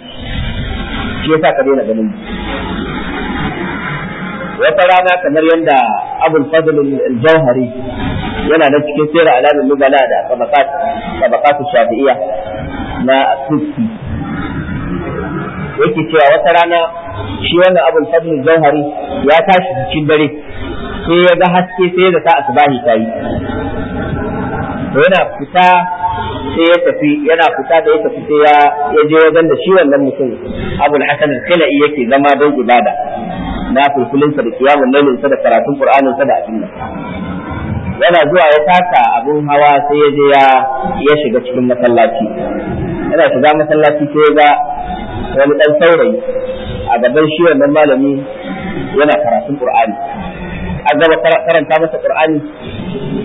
shi yasa ka daina ganin wata rana kamar yadda abul fadl al-jawhari yana da cikin sirra alamin lugala da tabaqat tabaqat shafi'iyya na tusi yake cewa wata rana shi wannan abul fadl jauhari ya tashi cikin dare sai ya ga haske sai da ta asbahi ta yi yana fita sai ya tafi yana fita da ya tafi sai ya je wajen da shi wannan mutum abul hasan al-khilai yake zama don ibada na fulfulinsa da kiyamun lailinsa da karatun qur'aninsa da abin yana zuwa ya taka abin hawa sai ya je ya shiga cikin masallaci yana shiga masallaci sai ya ga wani dan saurayi a gaban shi wannan malami yana karatun qur'ani a gaba karanta masa qur'ani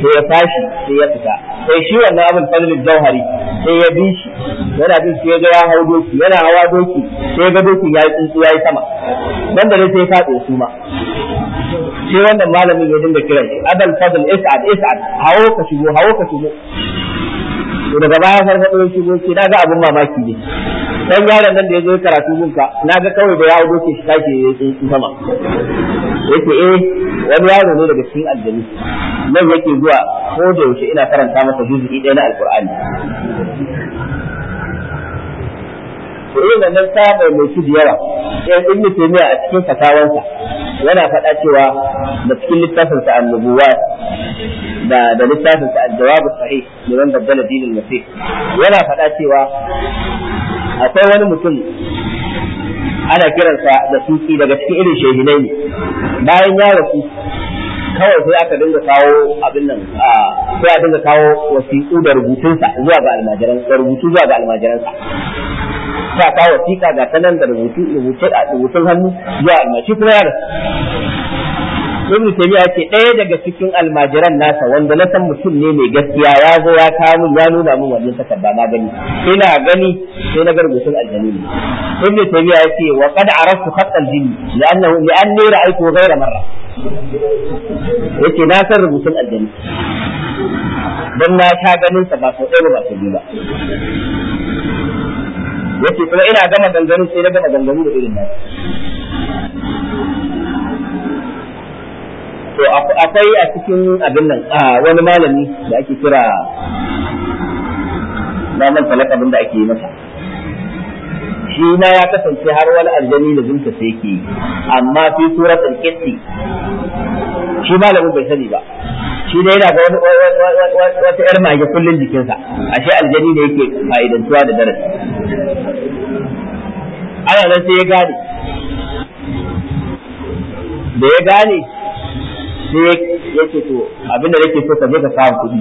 sai ya tashi sai ya fita sai shi wannan abin fadlul jauhari sai ya bi shi yana bi shi ya ga ya hau doki yana hawa doki sai ya ga dokin ya yi tsuntsu ya yi sama nan da sai ya faɗo su ma sai wannan malamin ya dinga kiran shi abal fadl is'ad is'ad hawo ka shigo hawo ka shigo daga baya farfaɗo ya shigo sai na ga abin mamaki ne dan yaron nan da ya zo karatu ka, na ga kawai da ya doke shi take ya yi sama ke eh wani yaro ne daga cikin aljanu nan yake zuwa ko da yaushe ina karanta masa juz'i ɗaya na alqur'ani to nan, nan saba mai shi yara, yawa sai a cikin fatawansa yana faɗa cewa da cikin littafin sa da da littafin sa al-jawab sahih liman baddala dinil masih yana faɗa cewa akwai wani mutum ana kiransa da sufi daga cikin irin shehinai ne bayan ya rasu kawai sai aka dinga kawo abin nan sai a dinga kawo wasiƙu da rubutunsa zuwa ga almajiran da rubutu zuwa ga almajiran sa kawo wasiƙa ga tanan da rubutu rubutun hannu zuwa almajiran kuma ya rasu ibn taymiya ce ɗaya daga cikin almajiran nasa wanda na san mutum ne mai gaskiya ya zo ya kawo min ya nuna min wannan takarda na gani ina gani sai na garbusun aljanu ne ibn taymiya ya ce wa qad arastu khat aljin li'annahu li'anni ra'aytu ghayra marra yace na san rubutun aljanu dan na ta ganin sa ba sau ɗaya ba ta ba yace kuma ina gama dangane sai na gama dangane da irin nan to akwai a cikin abin nan wani malami da ake kira na man talaka abin da ake yi masa shi na ya kasance har wani aljani da zunta sai ke amma fi tura al shi malamin bai sani ba shi da yana ga wata yar mage kullum jikinsa ashe aljani da yake fa'idantuwa da darasi ana nan sai ya gane da ya gane sai ya ce to abinda yake so ka ka samu kuɗi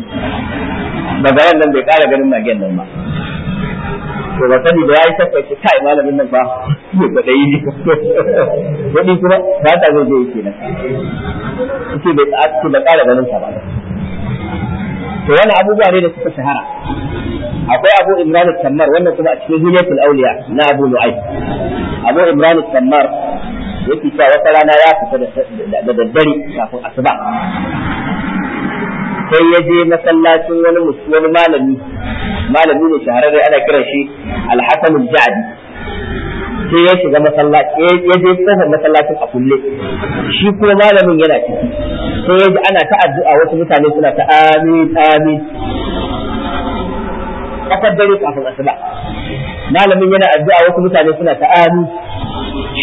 daga ran nan bai ƙara ganin magen nan ba to ba sani da yayi saka ce kai malamin nan ba ya ga dai ne kuɗi kuma ba ta zai je kenan yake bai ƙara da ƙara ganin sa ba to wani abubuwa ne da suka shahara akwai abu imran al-sammar wannan kuma a cikin hilyatul awliya na abu nu'ay abu imran al-sammar yake cewa wata rana ya fita da daddare kafin asuba sai ya je masallacin wani wani malami malami ne shahararre ana kiran shi al-Hasan jadi sai ya shiga masallaci ya je kofar masallacin a kulle shi kuma malamin yana ciki sai ya ji ana ta addu'a wasu mutane suna ta amin amin kasar dare kafin asuba malamin yana addu'a wasu mutane suna ta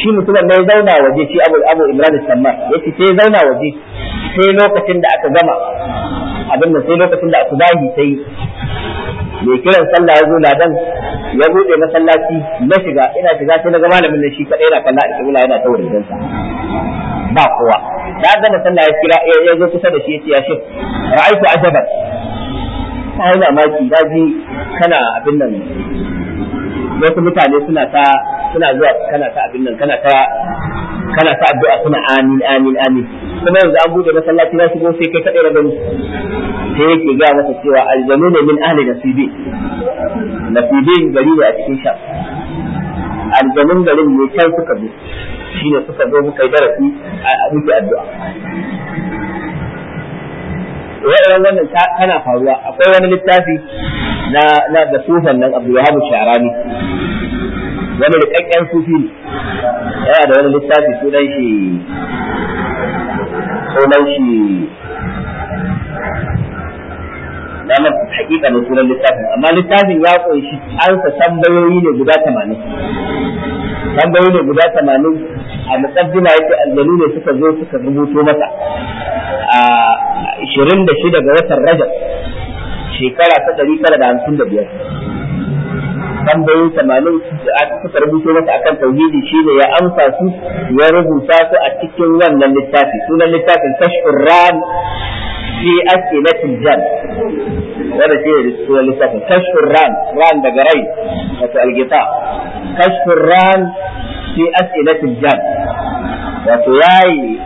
shi mutumin mai zauna waje shi abu abu imran sammar yace sai zauna waje sai lokacin da aka gama abin da sai lokacin da asubahi sai mai kiran sallah ya zo ladan ya bude masallaci na shiga ina shiga sai na ga malamin nan shi kadai yana kalla a kibla yana tawar dansa ba kowa da gama sallah ya kira ya zo kusa da shi ya ce ya shi ra'aytu ajaban kawo yi mamaki ba ji kana abin nan wasu mutane suna ta suna zuwa kana ta abin nan kana ta kana ta addu'a suna amin amin amin kuma yanzu an bude masallaci na shigo sai kai kaɗai da gani sai yake ga masa cewa aljanu ne min ahli nasibi nasibin gari ne a cikin sha aljanun garin ne can suka zo shine suka zo muka yi darasi a muke addu'a wa'in wannan tana faruwa akwai wani littafi na na da sufan nan Abdul Wahab Sharani wani rikakken sufi yana da wani littafi sunan shi sunan shi nan hakika ne sunan littafin amma littafin ya kunshi sa tambayoyi ne guda 80 tambayoyi ne guda 80 a muqaddima yake aljanu ne suka zo suka rubuto maka. a 26 ga watan Rajab shekara ta 955 tambayoyi 80 da suka rubuto masa akan tauhidi ne ya amsa su ya rubuta su a cikin wannan littafi sunan littafin tashkur ran fi as'ilatil jan wanda shi ne sunan lissafin ran ran daga rai wato algita kashfur ran fi as'ilatil jan wato yayi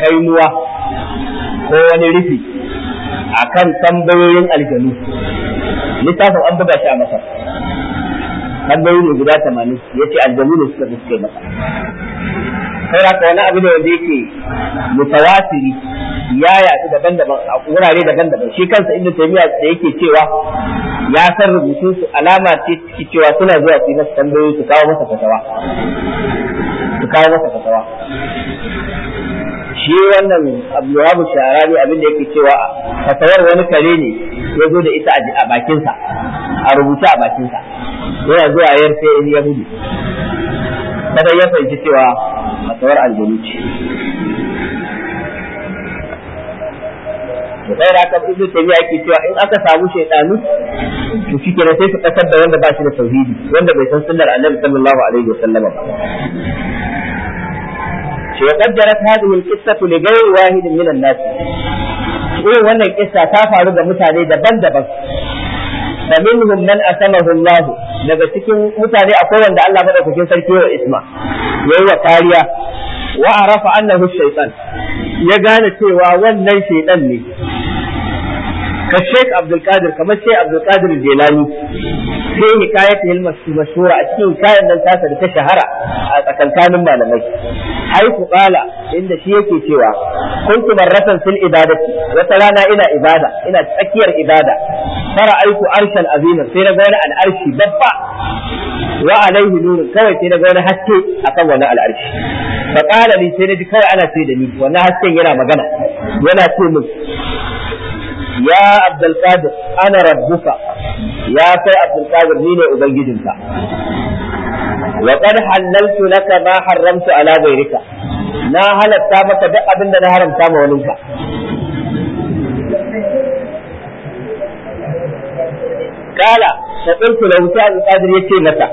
kainuwa ko wani rufi akan tambayoyin aljanu lissafin an buga shi a masar tambayoyi ne guda tamanin ya ce aljanu ne suka suke masa sai haka wani abu da wanda yake mutawatiri ya yaɗu daban-daban a wurare daban-daban shi kansa inda ibnu taymiya da yake cewa ya san rubutun su alama ce ciki cewa suna zuwa su yi tambayoyi su kawo masa fatawa su kawo masa fatawa shi wannan shara ne abin da yake cewa a fatawar wani kare ne ya zo da ita a bakinsa a rubuta a bakinsa yana zuwa yar sai in yahudi kada ya fahimci cewa fatawar aljanu ce da sai da kan ibnu tabi'a yake cewa in aka samu shaidanu to shike sai su kasar da wanda ba shi da tauhidi wanda bai san sunnar annabi sallallahu alaihi wasallam ba ce wa qaddarat hadhihi al-qissatu li ghayri wahidin min an-nas irin wannan kissa ta faru ga mutane daban-daban fa minhum man asamahu Allah daga cikin mutane akwai wanda Allah madaukakin sarki wa isma yayi wa kariya wa arafa annahu shaytan ya gane cewa wannan shaytan ne ka Sheikh Abdul Qadir kamar Sheikh Abdul Qadir Jilani sai hikayat ilmas mashhura a cikin kayan nan tasa da ta shahara a tsakankanin malamai ai ku kala inda shi yake cewa kuntu sun ibada ibadati wata rana ina ibada ina tsakiyar ibada fara aiku arshan azima sai na ga wani al'arshi babba wa alaihi nurun kawai sai na ga wani haske akan wani al'arshi fa qala li sai na ji kawai ana ce da ni wannan hasken yana magana yana ce min ya abdul qadir ana rabbuka ya sai abdul ni ne ubangijinka wa qad halaltu laka ma haramtu ala ghayrika na halatta masa duk abin da na haramta ma waninka qala fa qultu lahu sa'id qadir yace mata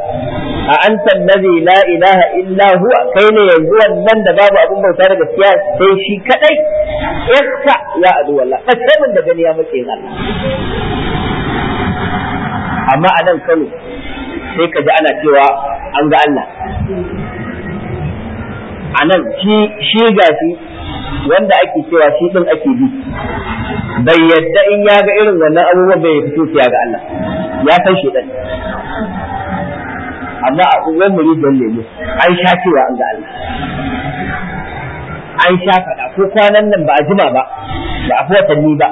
a anta allazi la ilaha illa huwa kai ne yanzu wannan da babu abin bauta da gaskiya sai shi kadai yakka ya adu wallah kace min da gani ya mace Allah amma a nan Kano sai ka ji ana cewa an ga Allah a nan shi ga shi wanda ake cewa shi din ake bi bai yadda in ya ga irin wannan abubuwa bai fito ya ga Allah ya san shi dan amma a uwan don lemu an sha cewa an ga Allah an sha faɗa ko kwanan nan ba a jima ba ba a fi tanni ba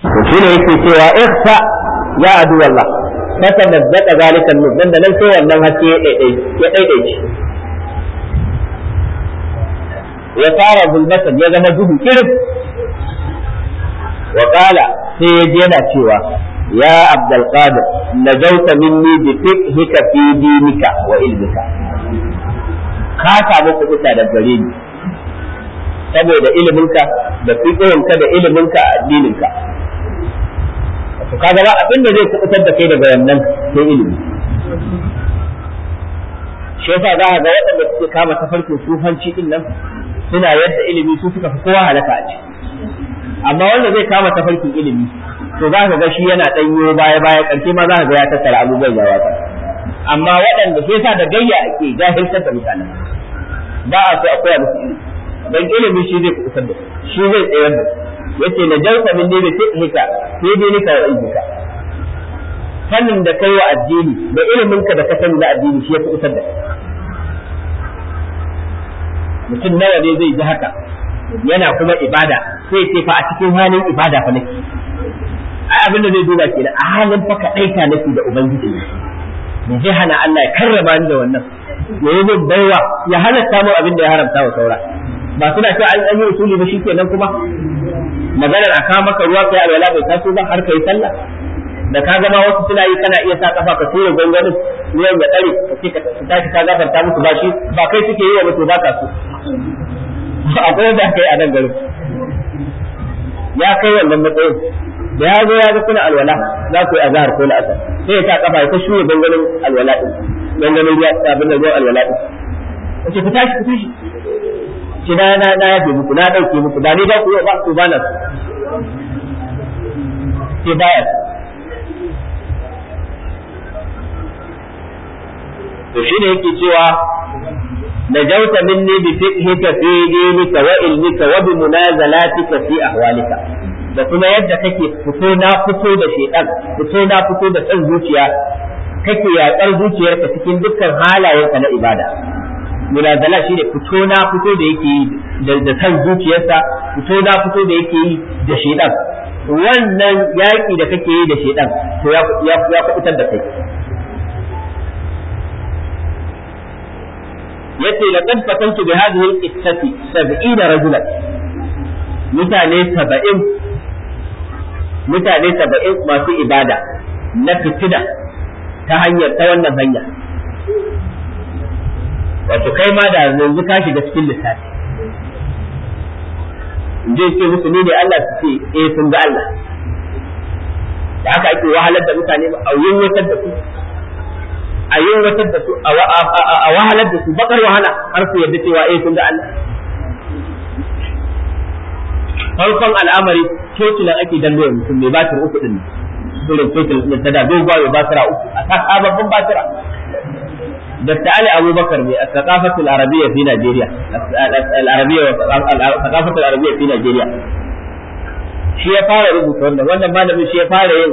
to shi ne yake cewa ihsa ya adu Allah fata da zaka zalikan nan da nan sai wannan haske ya daidai ya daidai ya fara gulmatan ya zama duhu kirif wa kala sai ya je yana cewa ya abdul qadir najauta minni bi fiqhika fi dinika wa ilmika ka samu kuɗuta da gare ni saboda iliminka da fiqhinka da iliminka a addininka to kaga ba abin da zai kubutar da kai daga wannan sai ilimi shi za a ga waɗanda suke kama tafarkin sufanci din nan suna yadda ilimi su suka fi kowa halaka a ciki amma wanda zai kama tafarkin ilimi to za ka ga shi yana ɗanyo baya baya ƙarfi ma za ka ga ya tattara abubuwan ya wata amma waɗanda sai sa da gayya ake jahiltar da mutanen ba a so a koya musu ilimi dan ilimi shi zai kusa da shi zai tsayar da yace na jarfa min ne da hika sai dai ni ka ilmika fannin da kai wa addini da ilimin ka da ka sani da addini shi ya kusa da mutum nawa ne zai ji haka yana kuma ibada sai ce fa a cikin halin ibada fa nake ai abin da zai duba kenan a halin fa kadaita nake da ubangiji ne je hana Allah ya karrama ni da wannan ya yi min baiwa ya hana samu abin da ya haramta wa saura ba suna cewa an yi usuli ba shi nan kuma maganar a kawo maka ruwa kai alwala bai so ba har kai sallah da ka gama wasu suna yi kana iya sa kafa ka tura gwangwanin ruwan ya tsare ka ce ka tashi ka gafarta musu bashi. ba kai suke yi wa mutu ba ka so akwai wanda aka yi a nan garin ya kai wannan matsayin da ya zo ya ga kuna alwala za ku yi azhar ko la'asar sai ya sa kafa ya ta shuye dangane alwala din dangane ruwa abin da ruwan alwala din kace ku tashi ku tashi ki na na na yafe muku na dauke muku da ni ba ku ba ku ba na ke baya to shine yake cewa najauta minni bi fiqhika fi dinika wa ilmika wa bi munazalatika fi ahwalika da kuma yadda kake fito na fito da shedan fito na fito da san zuciya kake yaƙar zuciyarka cikin dukkan halayenka na ibada munazala shine fito na fito da yake yi da san zuciyarsa fito na fito da yake yi da shedan wannan yaƙi da kake yi da shedan to ya ya kubutar da kai yace laqad fatantu bi hadhihi al ittati 70 rajulan mutane 70 mutane 70 masu ibada na fitida ta hanyar ta wannan hanya wato kai ma da yanzu ka shiga cikin lissafi in ce musu ne Allah su ce eh sun ga Allah da haka ake wahalar da mutane ba a wutar da su a yi watar da su a wahalar da su bakar wahala har su yadda cewa eh kun ga Allah farkon al'amari kyautula ake dandoya mutum mai batir uku din irin kyautula da ta da dogwa mai batira uku a sababbin batira Dr. Ali Abubakar ne a thaqafatul arabiyya fi Najeriya al-arabiyya fi Najeriya shi ya fara rubuta wannan wannan malamin shi ya fara yin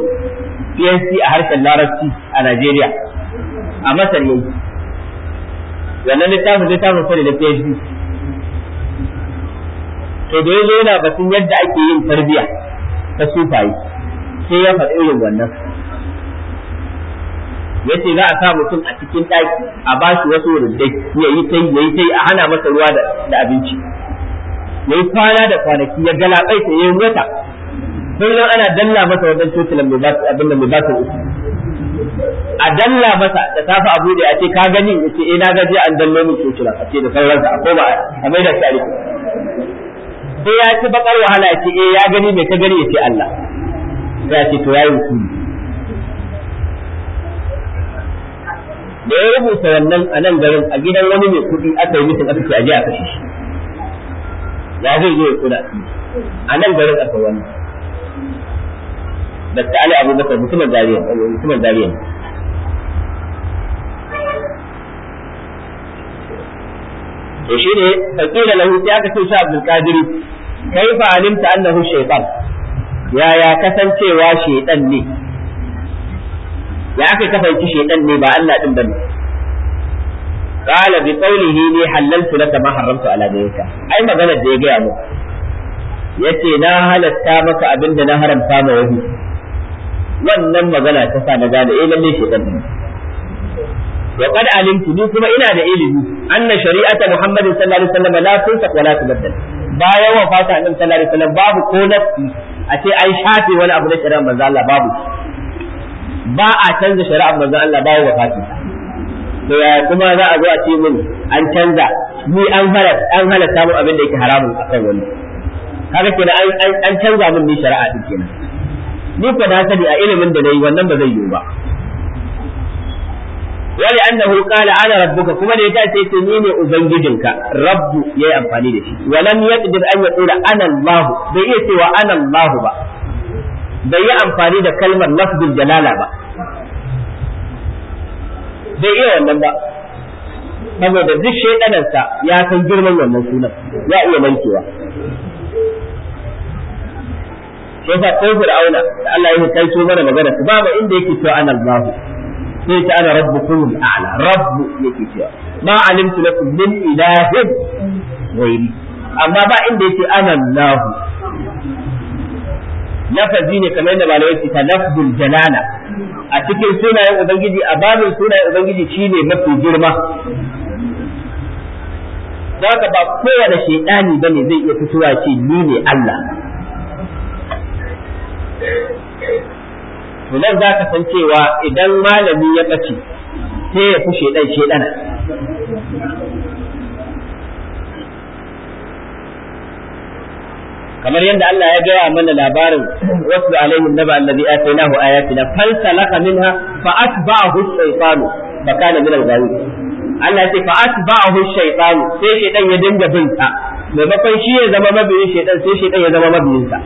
PhD a harshen Larabci a Najeriya a masar yayi wannan littafin littafin sa da PhD to da yazo yana batun yadda ake yin tarbiya ta sufayi sai ya faɗi irin wannan yace za a sa mutum a cikin ɗaki a ba shi wasu rundai ya yi ta yi a hana masa ruwa da abinci ya yi kwana da kwanaki ya galabai ta ya yi wata kullum ana danna masa wajen cocilan mai ba su abin ba a dalla masa da tafi abu da ya ce ka gani ya ce ina eh, na gaji an dallo mu ko kira a ce da sauransa a koma a mai da shi sai ya ci bakar wahala ya ce eh ya gani mai ka gani ya ce Allah sai ya ce to yayi hukumi da ya rubuta wannan a nan garin a gidan wani mai kuɗi aka yi mutum aka ce a je a kashe shi ya zai zo ya kula a nan garin aka wani Dr. Ali Bakar mutumin Zariya mutumin Zariya to shine fakila lahu sai aka ce shi Abdul Qadir kaifa alimta annahu shaytan yaya kasancewa shaytan ne ya aka kafanci shaytan ne ba Allah din bane qala bi qawlihi li halaltu laka ma haramtu ala gayrika ai maganar da ya gaya mu yace na halatta maka abinda na haramta ma wani wannan magana ta sa na gane eh lalle shi dan wa qad alimtu ni kuma ina da ilimi anna shari'ata muhammadin sallallahu alaihi wasallam la tunsaq wa la tubaddal bayan wafata annabi sallallahu alaihi wasallam babu ko nafsi a ce ai shafe wani abu na shari'a manzo Allah babu ba a canza shari'ar manzo Allah bayan wafati to ya kuma za a zo a ce mun an canza ni an halatta an halatta mu abin da yake haramun akan wani kaga kenan an canza mun ni shari'a din kenan ni da sani a ilimin da nayi wannan ba zai yiwu ba Wani annahu qala ana rabbuka kuma da ya tace ce ni ne ubangijinka rabbu yi amfani da shi walam yaqdir an yaqula ana allah bai iya cewa ana allah ba bai yi amfani da kalmar lafzul jalala ba bai iya wannan ba saboda duk shaidanansa ya san girman wannan sunan ya iya mankewa sai fa ko fir'auna da Allah ya kai so mana magana su ba inda yake cewa ana Allah sai ta ana rabbukum a'la rabbu yake cewa ma alimtu lakum min ilahin ghairi amma ba inda yake ana Allah lafazi ne kamar yadda malamai suka lafzul jalala a cikin sunayen ubangiji a babin sunayen ubangiji shine mafi girma ka ba kowane shaidani bane zai iya fitowa ce ni ne Allah to nan za ka san cewa idan malami ya ɓace sai ya ɗan shedan shedan kamar yadda Allah ya gaya mana labarin wasu alaihi naba allazi atainahu ayatina ba minha fa atba'ahu shaytanu fa kana min al-ghawin Allah ce fa atba'ahu shaytanu sai shaytan ya dinga bin sa maimakon shi ya zama mabiyin shaytan sai shaytan ya zama mabiyin sa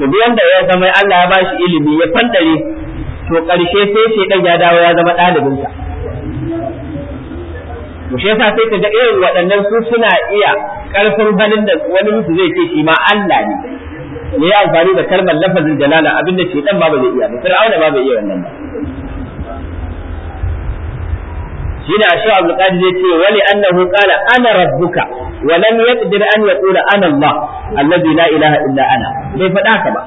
to duk wanda ya zama Allah ya bashi ilimi ya fandare to karshe sai shedan ya dawo ya zama ɗalibinsa to shi yasa sai ga irin waɗannan su suna iya ƙarfin halin da wani musu zai ce shi ma Allah ne ne ya amfani da kalmar lafazin jalala abinda shedan ma ba zai iya ba fir'auna ma bai iya wannan ba shine ashe Abdul Qadir ce wali annahu qala ana rabbuka ولم يقدر أن يقول أنا الله الذي لا إله إلا أنا بفداك با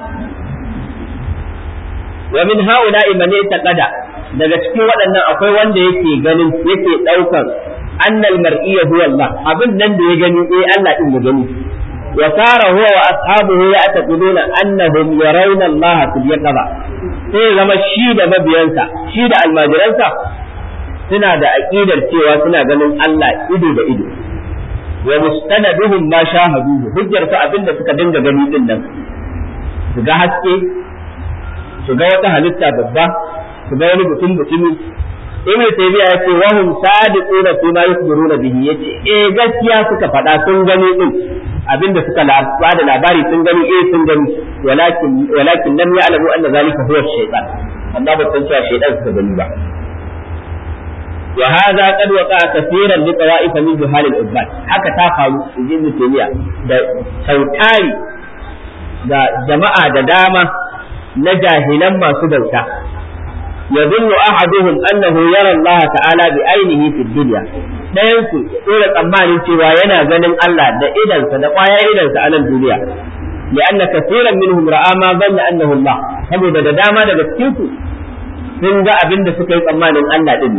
ومن هؤلاء من اعتقد daga cikin waɗannan akwai wanda yake ganin yake ɗaukar annal mar'iyya huwa Allah abin nan da ya gani eh Allah din ya gani wa sara huwa wa ashabuhu ya'taqiduna annahum yarawna Allah fil yaqaba sai zama shi da mabiyansa shi da almajiransa suna da aƙidar cewa suna ganin Allah ido da ido wa mustanaduhum ma shahaduhu hujjar su abinda suka dinga gani din nan su ga haske su ga wata halitta babba su ga wani mutum butumi ibnu taymiya yace wa hum sadiquna fi ma yukhbiruna bihi yace eh gaskiya suka faɗa sun gani din abinda suka ba da labari sun gani eh sun gani walakin walakin lam ya'lamu anna zalika huwa shaytan amma ba san cewa shaytan suka gani ba wa za qad waqa'a kaseeran bi qawa'if min juhal al-ubbat haka ta faru ibn taymiya da sautari ga jama'a da dama na jahilan masu bauta يظن أحدهم أنه يرى ta'ala تعالى بعينه في الدنيا Ɗayansu su ɗora tsammanin cewa yana ganin Allah da idonsa da ƙwaya idansa a nan duniya لأن kafiran منهم ma ما ظن أنه الله saboda da dama daga cikin sun ga abin da suka yi tsammanin Allah din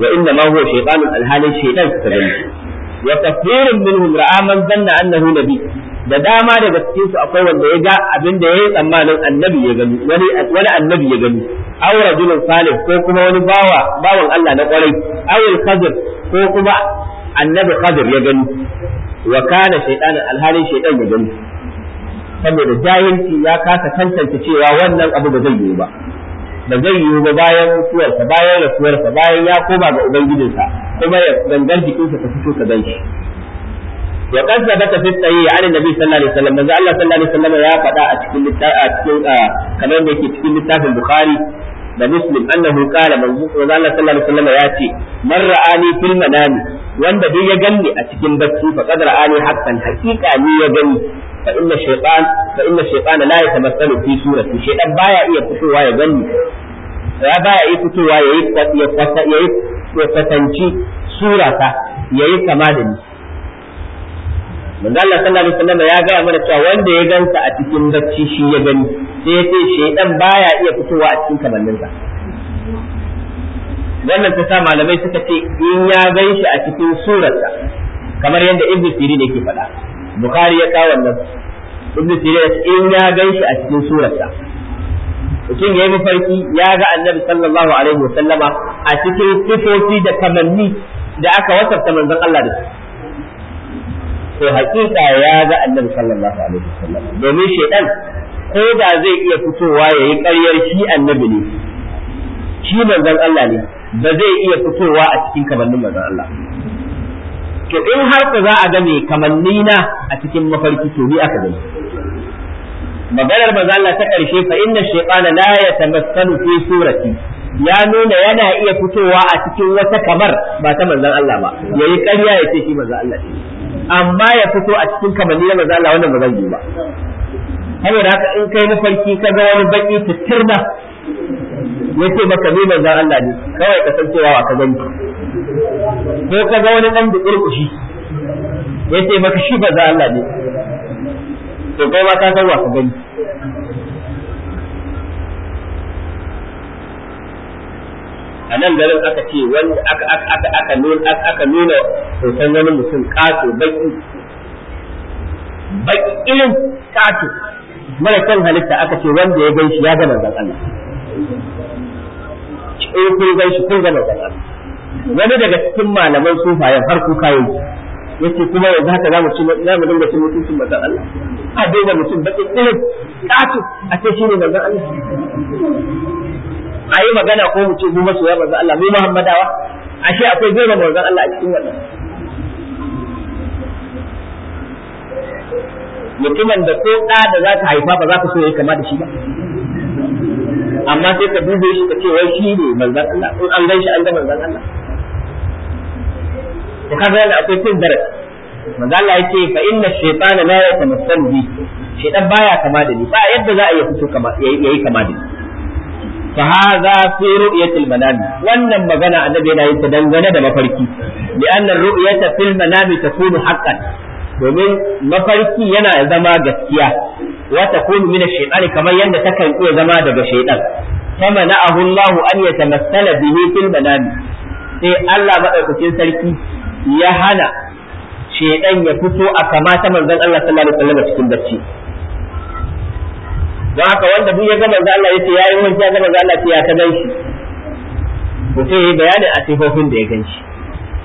wa inna shaiɗanin huwa shaytanun alhalin shaytan gani wa kafirun minhum ra'a man zanna annahu nabi da dama da cikin su akwai wanda ya ga abin da yi tsammanin annabi ya gani wani wani annabi ya gani aw rajulun salih ko kuma wani bawan Allah na kwarai aw al-khadir ko kuma annabi khadir ya gani wa kana shaytanan alhalin ya gani saboda jahilci ya kasa tantance cewa wannan abu ba zai yiwu ba ba zai yiwu ba bayan mutuwarsa bayan rasuwarsa bayan ya koma ga ubangijinsa kuma ya gangan jikinsa ta fito ka gan shi wa da sabata fi sahihi ani nabi sallallahu alaihi wasallam manzo Allah sallallahu alaihi wasallam ya faɗa a cikin littafi a cikin kamar da yake cikin littafin bukhari da muslim annahu qala manzo Allah sallallahu alaihi wasallam ya ce man ra'ani fil manami wanda dai ya ganni a cikin bacci fa qadra ani haqqan haqiqa ni ya gani fa inna shaytan fa inna shaytan la yatamassalu fi surati shaytan baya iya fitowa ya ganni ya baya iya fitowa yayi ya kwata yayi ya kwatanci surata yayi kama da ni manzo Allah sallallahu alaihi wasallam ya gaya mana cewa wanda ya gansa a cikin bacci shi ya gani sai sai shaytan baya iya fitowa a cikin sa wannan ta sa malamai suka ce in ya gan shi a cikin surarsa kamar yadda ibnu sirin yake faɗa bukhari ya kawo wannan ibnu sirin ya in ya gan shi a cikin surarsa mutum ya yi mafarki ya ga annabi sallallahu alaihi wa sallama a cikin sifofi da kamanni da aka wasafta manzon Allah da su to hakika ya ga annabi sallallahu alaihi wa sallama domin shedan ko da zai iya fitowa ya yi ƙaryar shi annabi ne shi manzon Allah ne ba zai iya fitowa a cikin kamannin manzon Allah to in har ku za a ga mai kamanni na a cikin mafarki to ni aka gani maganar manzo Allah ta karshe fa inna shaytana la yatamassalu fi surati ya nuna yana iya fitowa a cikin wata kamar ba ta manzon Allah ba yayi ƙarya ya ce shi manzon Allah ne amma ya fito a cikin kamanni na manzon Allah wannan ba zan yi ba saboda haka in kai mafarki ka ga wani baki titirna ya ce maka ne manzan Allah ne kawai ka san cewa ka gani ko ka ga wani dan da kurkushi ya ce maka shi manzan Allah ne to kai ma ka san wa ka gani a nan garin aka ce wanda aka aka aka nuna aka nuna hoton wani mutum kato baki baki irin kato mara kan halitta aka ce wanda ya gan shi ya ga manzon Allah in eh, kun gan shi kun gama gan wani daga cikin malaman sufayen har kuka yi yace kuma yanzu haka zamu ci mu dinga cin mutuncin manzon Allah a duba mutum bakin irin kato a ce shine manzon Allah a yi magana ko mu ce mu masoya manzon Allah mu Muhammadawa ashe akwai girma manzon Allah a cikin wannan mutumin da ko ɗa da za ka haifa ba za ka so ya kama da shi ba amma sai ka dube shi ka ce wai shi ne manzon Allah in an gan shi an ga manzon Allah to kaga yana akwai cin darasi manzo Allah yake fa inna shaytana la yatamassal bi shaytan baya kama da ni ba yadda za a yi fito kama yayi kama da ni fa hadha fi ru'yatil manami wannan magana annabi yana yin ta dangane da mafarki bi anna ru'yata fil manami takunu haqqan domin mafarki yana zama gaskiya wa takunu min ash-shaytan kamar yadda takan iya zama daga shaytan na Allah an yatamassala bihi fil manami sai Allah madaukakin sarki ya hana shaytan ya fito a kamata manzon Allah sallallahu alaihi wasallam cikin barci. don haka wanda duk ya ga manzon Allah yace yayi wanki ya ga manzon Allah ya ta ganshi to sai yayi bayanin a sifofin da ya ganshi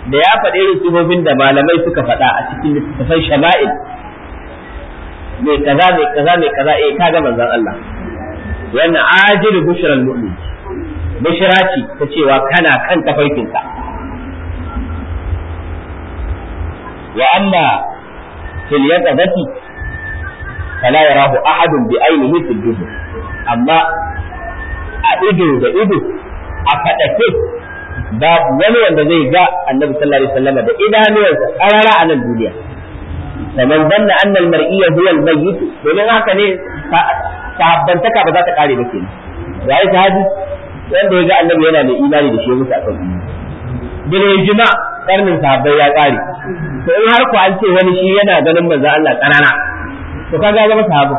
da ya faɗi irin sifofin da malamai suka faɗa a cikin littattafan shama'il mai kaza mai kaza mai kaza eh kaga manzon Allah wannan ajil bushral mu'min bushra ce ta cewa kana kan tafarkin ka wa amma fil yaqadati fala yarahu ahadun bi aynihi fil dubu amma a ido da ido a fadake babu wani wanda zai ga annabi sallallahu alaihi wasallam da idanuwarsa karara a nan duniya faman zanna anna al-mar'iyya huwa al-mayyit domin haka ne sahabbantaka ba za ta kare ba kenan da ai sahabi wanda ya ga annabi yana da imani da shi musu akan bil ijma karnin sahabbai ya kare to in har ku an ce wani shi yana ganin manzo Allah karana to kaga zama sahabu.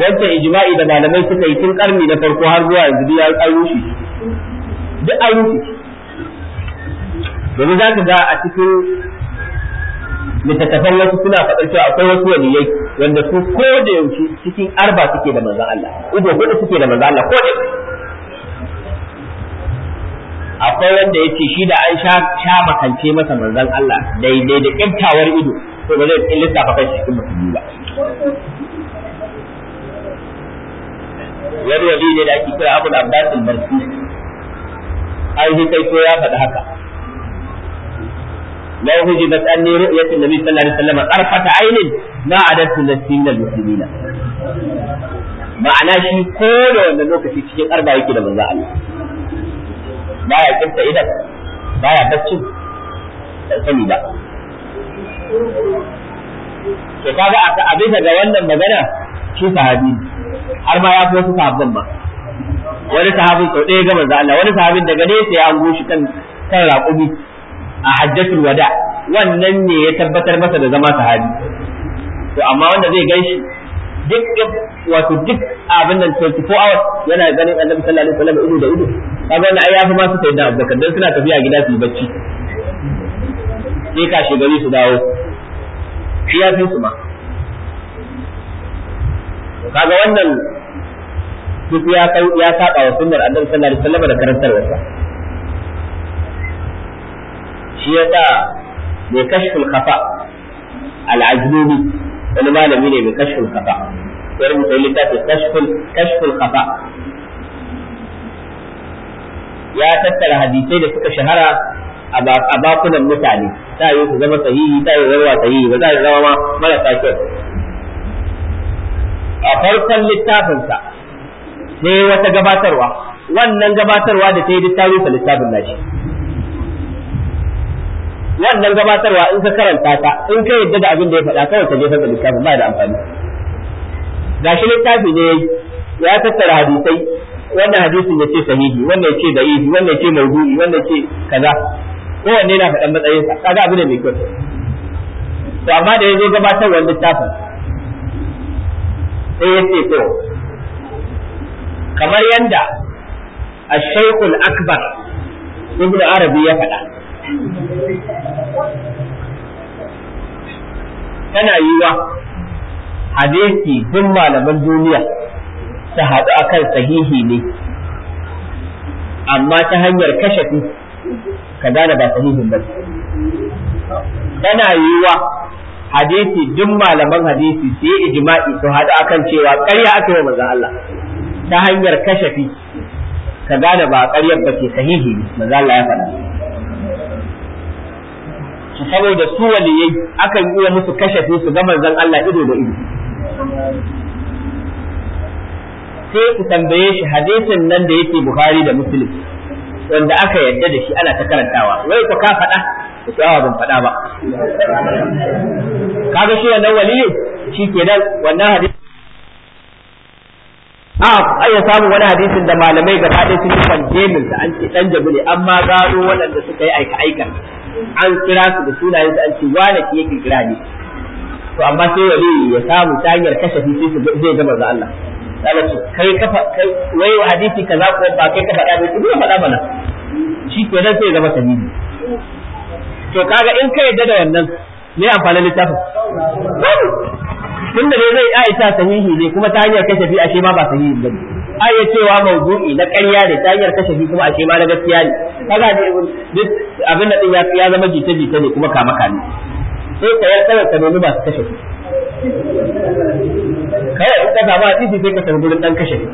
wanda ijma'i da malamai suka yi tun karni na farko har zuwa yanzu ya an rushe duk an rushe domin za ka ga a cikin littattafan wasu suna faɗar cewa akwai wasu waliyai wanda su ko da yaushe cikin arba suke da manzon Allah ido da suke da manzon Allah ko da akwai wanda yace shi da an sha sha makance masa manzon Allah daidai da kintawar ido to ba zai lissafa kai cikin musulmi ba wani wali ne da ake kira Abu Abbas al-Marsi ai sai ko ya faɗi haka la hujibat anni ru'yatu النبي صلى الله عليه وسلم ainin عين ما عدت min المسلمين muslimina ma'ana shi ko da wanda lokaci cikin arba yake da manzo Allah baya kinta idan baya bacci ba kaga a bisa ga wannan magana shi sahabi har ma ya fi wasu sahabban ba wani sahabin sau ɗaya ga manzo Allah wani sahabin daga ne sai an goshi kan kan raƙumi a hajjatul wada wannan ne ya tabbatar masa da zama sahabi to amma wanda zai ganshi duk wato duk abin nan 24 hours yana ganin annabi sallallahu alaihi wasallam idu da idu kaga wannan ai yafi ma su sai da abubakar dan suna tafiya gida su yi bacci sai ka shigari su dawo shi ya fi su ma kaga wannan duk ya ya saba wa sunnar annabi sallallahu alaihi wasallam da karantarwa shi ya sa mai kashful kafa al'ajnuni wani malami ne mai kashful kafa wani rubuta littafi kashful kashful kafa ya tattara hadisai da suka shahara a bakunan mutane ta yi su zama sahihi ta yi warwa sahihi ba za zama ma marasa kyau a farkon littafinsa sai wata gabatarwa wannan gabatarwa da ta yi littafin littafin nashi wannan gabatarwa in ka karanta ta in ka yadda da abin da ya faɗa kawai ka je ka littafin ba da amfani Ga shi littafi ne ya tattara hadisai wannan hadisin ya ce sahihi wannan ce da wannan ce maudu'i wannan ce kaza kowanne na faɗan matsayinsa kaga abin da mai kyau to amma da ya zo gabatarwar littafin sai ya ce to kamar yanda الشيخ الأكبر ابن عربي يفعل tana yiwa hadisi duk malaman duniya ta haɗu akan sahihi ne amma ta hanyar kashafi ka gane ba sahihin ba tana yiwa hadisi duk malaman hadisi su yi ijma'i su haɗu akan cewa ƙarya aka yi maza Allah ta hanyar kashafi ka gane ba ƙaryar ba ke sahihi ne maza Allah ya faɗa saboda su waliyai akan iya musu kashafi su ga zan Allah ido da ido sai ku tambaye shi hadisin nan da yake Buhari da Muslim wanda aka yadda da shi ana ta karantawa wai ku ka faɗa ku ce ban faɗa ba kaga shi wannan waliyi shi ke kenan wannan hadisi a ya samu wani hadisin da malamai gaba ɗaya sun yi kwanjemin da an ce dan jabu ne amma gano waɗanda suka yi aika aika an kira su da sunayen su an ce wane ke yake kira ne to amma sai wani ya samu ta hanyar kashe sai su zai ga manzo Allah sai ce kai kafa kai wai hadisi kaza ko ba kai ka faɗa ba ki ba faɗa bana shi ke nan sai ga zama sabibi to kaga in ka yadda da wannan me amfanin littafin tunda dai zai ai ta sahihi ne kuma ta hanyar kashafi ashe ma ba sahihi ba ne ai ya cewa mawdu'i na ƙarya ne ta hanyar kashafi kuma ashe ma na gaskiya ne kaga duk abin da din ya ya zama jita jita ne kuma kama kame sai ka yar tsara ba masu kashafi kai in ka samu hadisi sai ka san gurin dan kashafi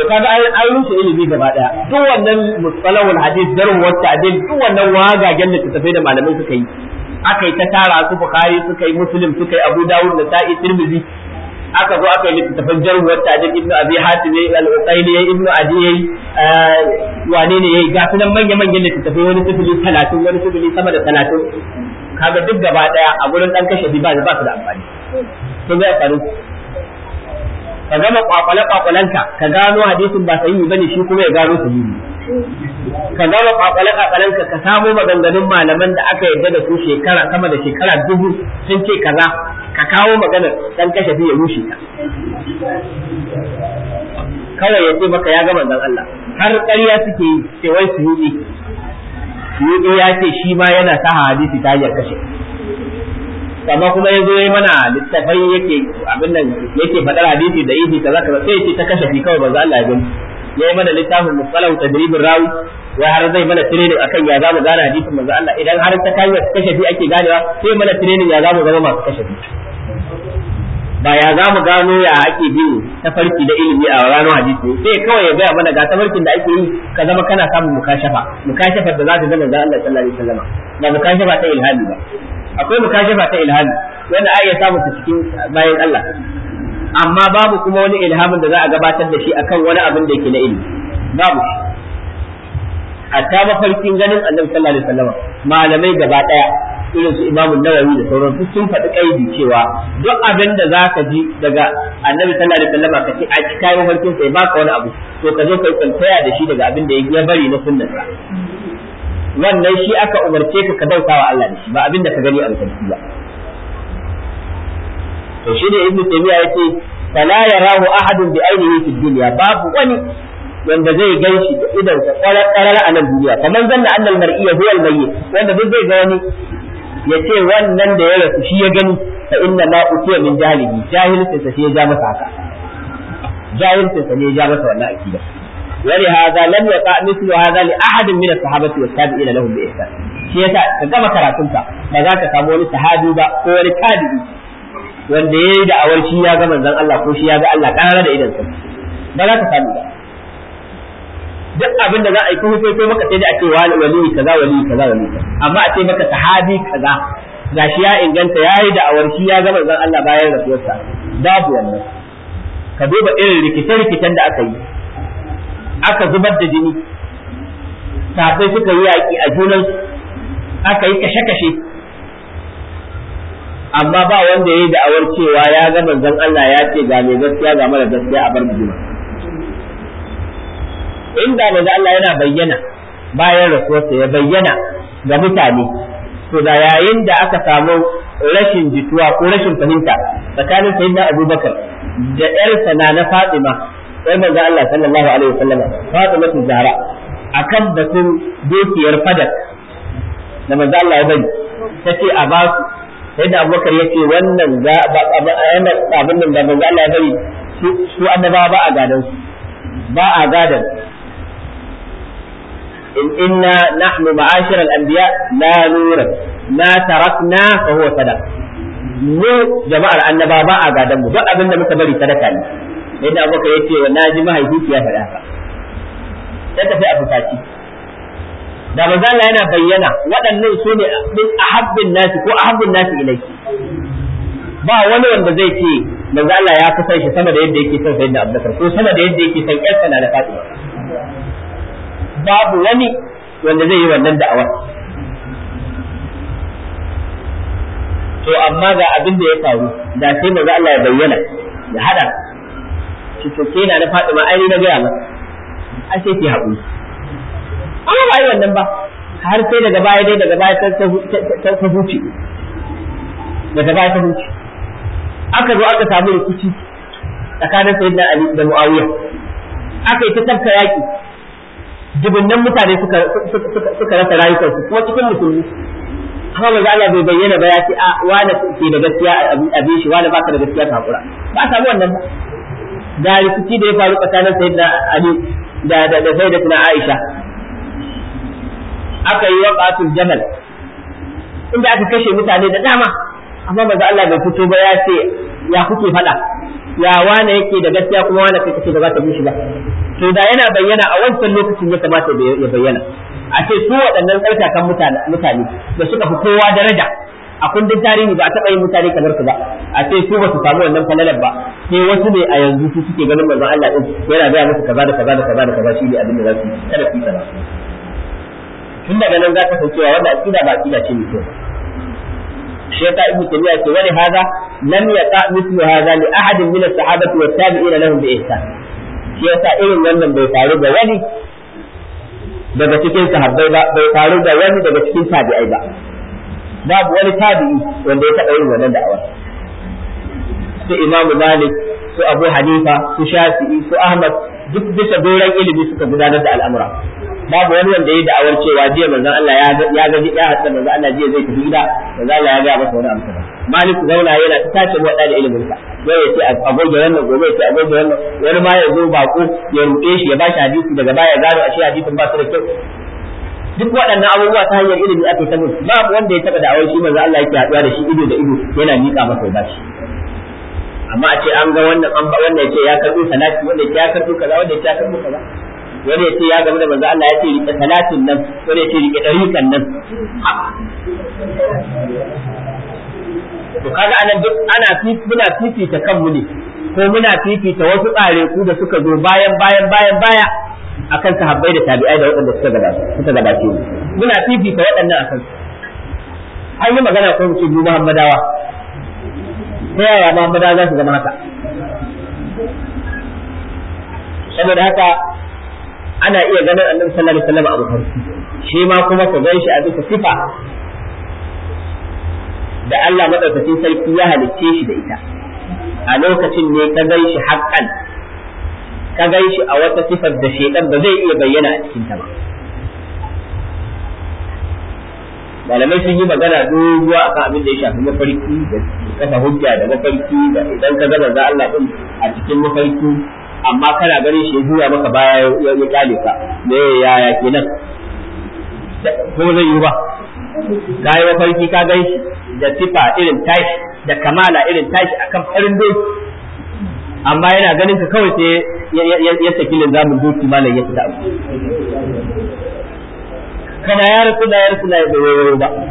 to kaga an rushe ilimi gaba daya duk wannan mustalahul hadith darh wa ta'dil duk wannan wagagen da tafai da malamai suka yi aka yi ta tara su bukhari suka yi muslim suka yi abu dawud da sa'i tirmidhi aka zo aka yi littattafan jarhu wa ta'dil ibnu abi hatim yayi al-uqayli yayi ibnu adi yayi eh, wane ne yayi ga sunan manya manyan littattafai wani sifili 30 wani sifili sama da 30 kaga duk gaba daya a gurin dan kashe ba ba su da amfani sun ga amfani. ka gama kwakwale kwakwalenta ka gano hadisin ba sahihi bane shi kuma ya gano sahihi ka gama kwakwale kwakwalenka ka samo maganganun malaman da aka yarda da su shekara sama da shekara dubu sun ce kaza ka kawo maganar dan kashe ya rushe ka kawai ya ce maka ya gama dan Allah har ƙarya suke yi sai wai su yi ya ce shi ma yana sa hadisi ta hanyar kashe amma kuma ya zo ya mana littafai yake abin nan yake faɗar hadisi da ihi kaza kaza sai yake ta kashe fi kawai banza Allah ya gani ya yi mana littafin musalahu tadribin rawi ya har zai mana training akan ya zamu gane hadisin manzo Allah idan har ta kanyar kashe fi ake ganewa sai mana training ya zamu zama masu kashe fi ba ya za mu gano ya ake ta tafarki da ilimi a ranar hadisi sai kawai ya gaya mana ga tafarkin da ake yi ka zama kana samun mukashafa mukashafa da za ta zama da Allah sallallahu alaihi wasallam ba mukashafa ta ilhami ba akwai mukashafa ta ilhami wanda ake iya samu ta cikin bayan Allah amma babu kuma wani ilhamin da za a gabatar da shi akan wani abin da yake na ilimi babu shi hatta mafarkin ganin annabi sallallahu alaihi wasallam malamai gaba daya irin su Imam nawawi da sauran su sun faɗi kaidi cewa duk abin da zaka ji daga annabi sallallahu alaihi wasallam ka ce a cikin mafarkin sai baka wani abu to ka zo kai tantaya da shi daga abin da ya bari na sunnarsa wannan shi aka umarce ka ka dauka wa Allah da shi ba abin ka gani a rikici ba to shi ne ibnu taymiya yace fala yarahu ahadun bi ainihi fi dunya babu wani wanda zai gan shi da idan sa kwarar a nan duniya kamar zanna annal mar'iyya huwa al wanda duk zai ga wani yace wannan da ya rasu shi ya gani fa inna ma utiya min jahili jahilin sai ya ja masa haka jahilin sai ya ja masa wannan akida ولهذا لم يقع مثل هذا لأحد من الصحابة والتابعين لهم بإحسان shi yasa ka gama karatunka ba za ka samu wani sahabi ba ko wani tabi'i wanda ya yi da'awar shi ya ga manzon Allah ko shi ya ga Allah da sa ba za ka ba duk abin da za a yi kuma sai maka sai da ake wali wali kaza wali kaza wali amma a ce maka sahabi kaza gashi ya inganta ya yi da shi ya gama zan Allah bayan rasuwarsa babu wannan ka duba irin rikice-rikicen da aka yi aka zubar da jini tafai suka yi yaƙi a junan aka yi kashe-kashe amma ba wanda ya yi da'awar cewa ya ga manzon Allah ya ce ga mai gaskiya ga mara gaskiya a bar juna inda manzon Allah yana bayyana bayan rasuwarsa ya bayyana ga mutane to da yayin da aka samu rashin jituwa ko rashin fahimta tsakanin sayyidina Abubakar da 'yarsa na na Fatima sai manzo Allah sallallahu alaihi wasallam Fatimatu Zahra akan batun dukiyar fadak da manzo Allah ya bari tace a ba su sai da Abubakar yace wannan za abin nan da manzo Allah ya bari su annabawa ba a gadan su ba a gadan إن إنا نحن anbiya la لا ma tarakna fa huwa sadaq mu jama'ar annaba ba a gadan mu duk abin da muka bari sadaka ne sai da ya ce wa na ji mahaifi ya faɗa haka ta tafi a fusaci da manzala yana bayyana waɗannan su ne min ahabbin nasi ko ahabbin nasi ilaiki ba wani wanda zai ce Allah ya fi shi sama da yadda yake son sayyidina abubakar ko sama da yadda yake son yarsa na da fatima babu wani wanda zai yi wannan da'awar to amma ga abin da ya faru da sai manzo Allah ya bayyana ya hada ce to ke na faɗi ma ai na gaya ba? a sai ki haƙuri amma ba yi wannan ba har sai daga baya dai daga baya ta huce daga baya ta huce aka zo aka samu rikici tsakanin sayyidina Ali da Muawiya aka yi ta tafka yaki dubunnan mutane suka rasa rayukansu kuma cikin musulmi amma manzo Allah bai bayyana ba ya ce a wani ke da gaskiya abin shi wani baka da gaskiya ka hakura ba a samu wannan ba da rikici da ya faru tsakanin sayyidina ali da da da kuma aisha aka yi waqatul jamal inda aka kashe mutane da dama amma manzo Allah bai fito ba ya ce ya kuke faɗa ya wane yake da gaskiya kuma wane kai kace da za ta mishi ba to da yana bayyana a wancan lokacin ya kamata ya bayyana a ce su waɗannan tsarkakan mutane da suka fi kowa daraja a kundin tarihi ba a taɓa yin mutane kamar su ba a ce su ba su samu wannan falalar ba sai wasu ne a yanzu su suke ganin manzon Allah din yana gaya musu kaza da kaza da kaza da kaza shi ne abin da za su yi kada su yi kaza tun daga nan za ka san cewa wannan aqida ba aqida ce ne kyau shi yasa ibnu tabiya ce wani haza lam yaqa mithlu haza li ahadin min as-sahabati wa tabi'ina lahum bi ihsan shi yasa irin wannan bai faru ga wani daga cikin sahabbai ba bai faru ga wani daga cikin tabi'ai ba babu wani tabi'i wanda ya taɓa yin wannan da'awa su Imam Malik su Abu Hanifa su Shafi'i su Ahmad duk bisa doran ilimi suka gudanar da al'amura babu wani wanda ya da'awar cewa jiya manzon Allah ya ga ya hatta manzon Allah jiya zai tafi gida manzon Allah ya ga masa wani amsa Malik zauna yana ta tace mu da ilimin sa ya ce a goge wannan gobe ya ce a goge wannan wani ma ya zo bako ya ruɗe shi ya ba shi hadisi daga baya gano shi hadisin ba su da kyau duk waɗannan abubuwa ta hanyar ilimi ake ba babu wanda ya taɓa da'awar shi manzo Allah yake haɗuwa da shi ido da ido yana miƙa masa ya bashi amma a ce an ga wannan an ba wanda yake ya karɓo salati wanda yake ya karɓo kaza wanda yake ya karɓo kaza wanda yake ya gamu da manzo Allah yake rike salatin nan wanda yace rike ɗarikan nan to kaga anan duk ana muna fifita kanmu ne ko muna fifita wasu tsare ku da suka zo bayan bayan bayan baya akan sahabbai da tabi'ai da waɗanda suka gada suka gada ke muna fifita waɗannan akan an yi magana ko muke biyu Muhammadawa ta yaya Muhammadawa za su zama haka saboda haka ana iya ganin annabi sallallahu alaihi wasallam abu farko shi ma kuma ka gan shi a bisa sifa da Allah madaukakin sarki ya halicce shi da ita a lokacin ne ka gan shi haƙƙan ka gai shi a wata sifar da shaidan ba zai iya bayyana a cikin ta ba malamai sun yi magana doguwa akan abin da ya shafi mafarki da kasa hujja da mafarki da idan ka gaba za Allah din a cikin mafarki amma kana ganin shi zuwa maka baya ya kale ka me ya kenan ko zai yi ba kai yi mafarki ka gai shi da sifa irin tashi da kamala irin tashi akan farin doki amma yana ganin ka kawai sai ya saki da linzamin doki malai ya fita abu kana ya rasu da ya rasu da ya zai tsaye ba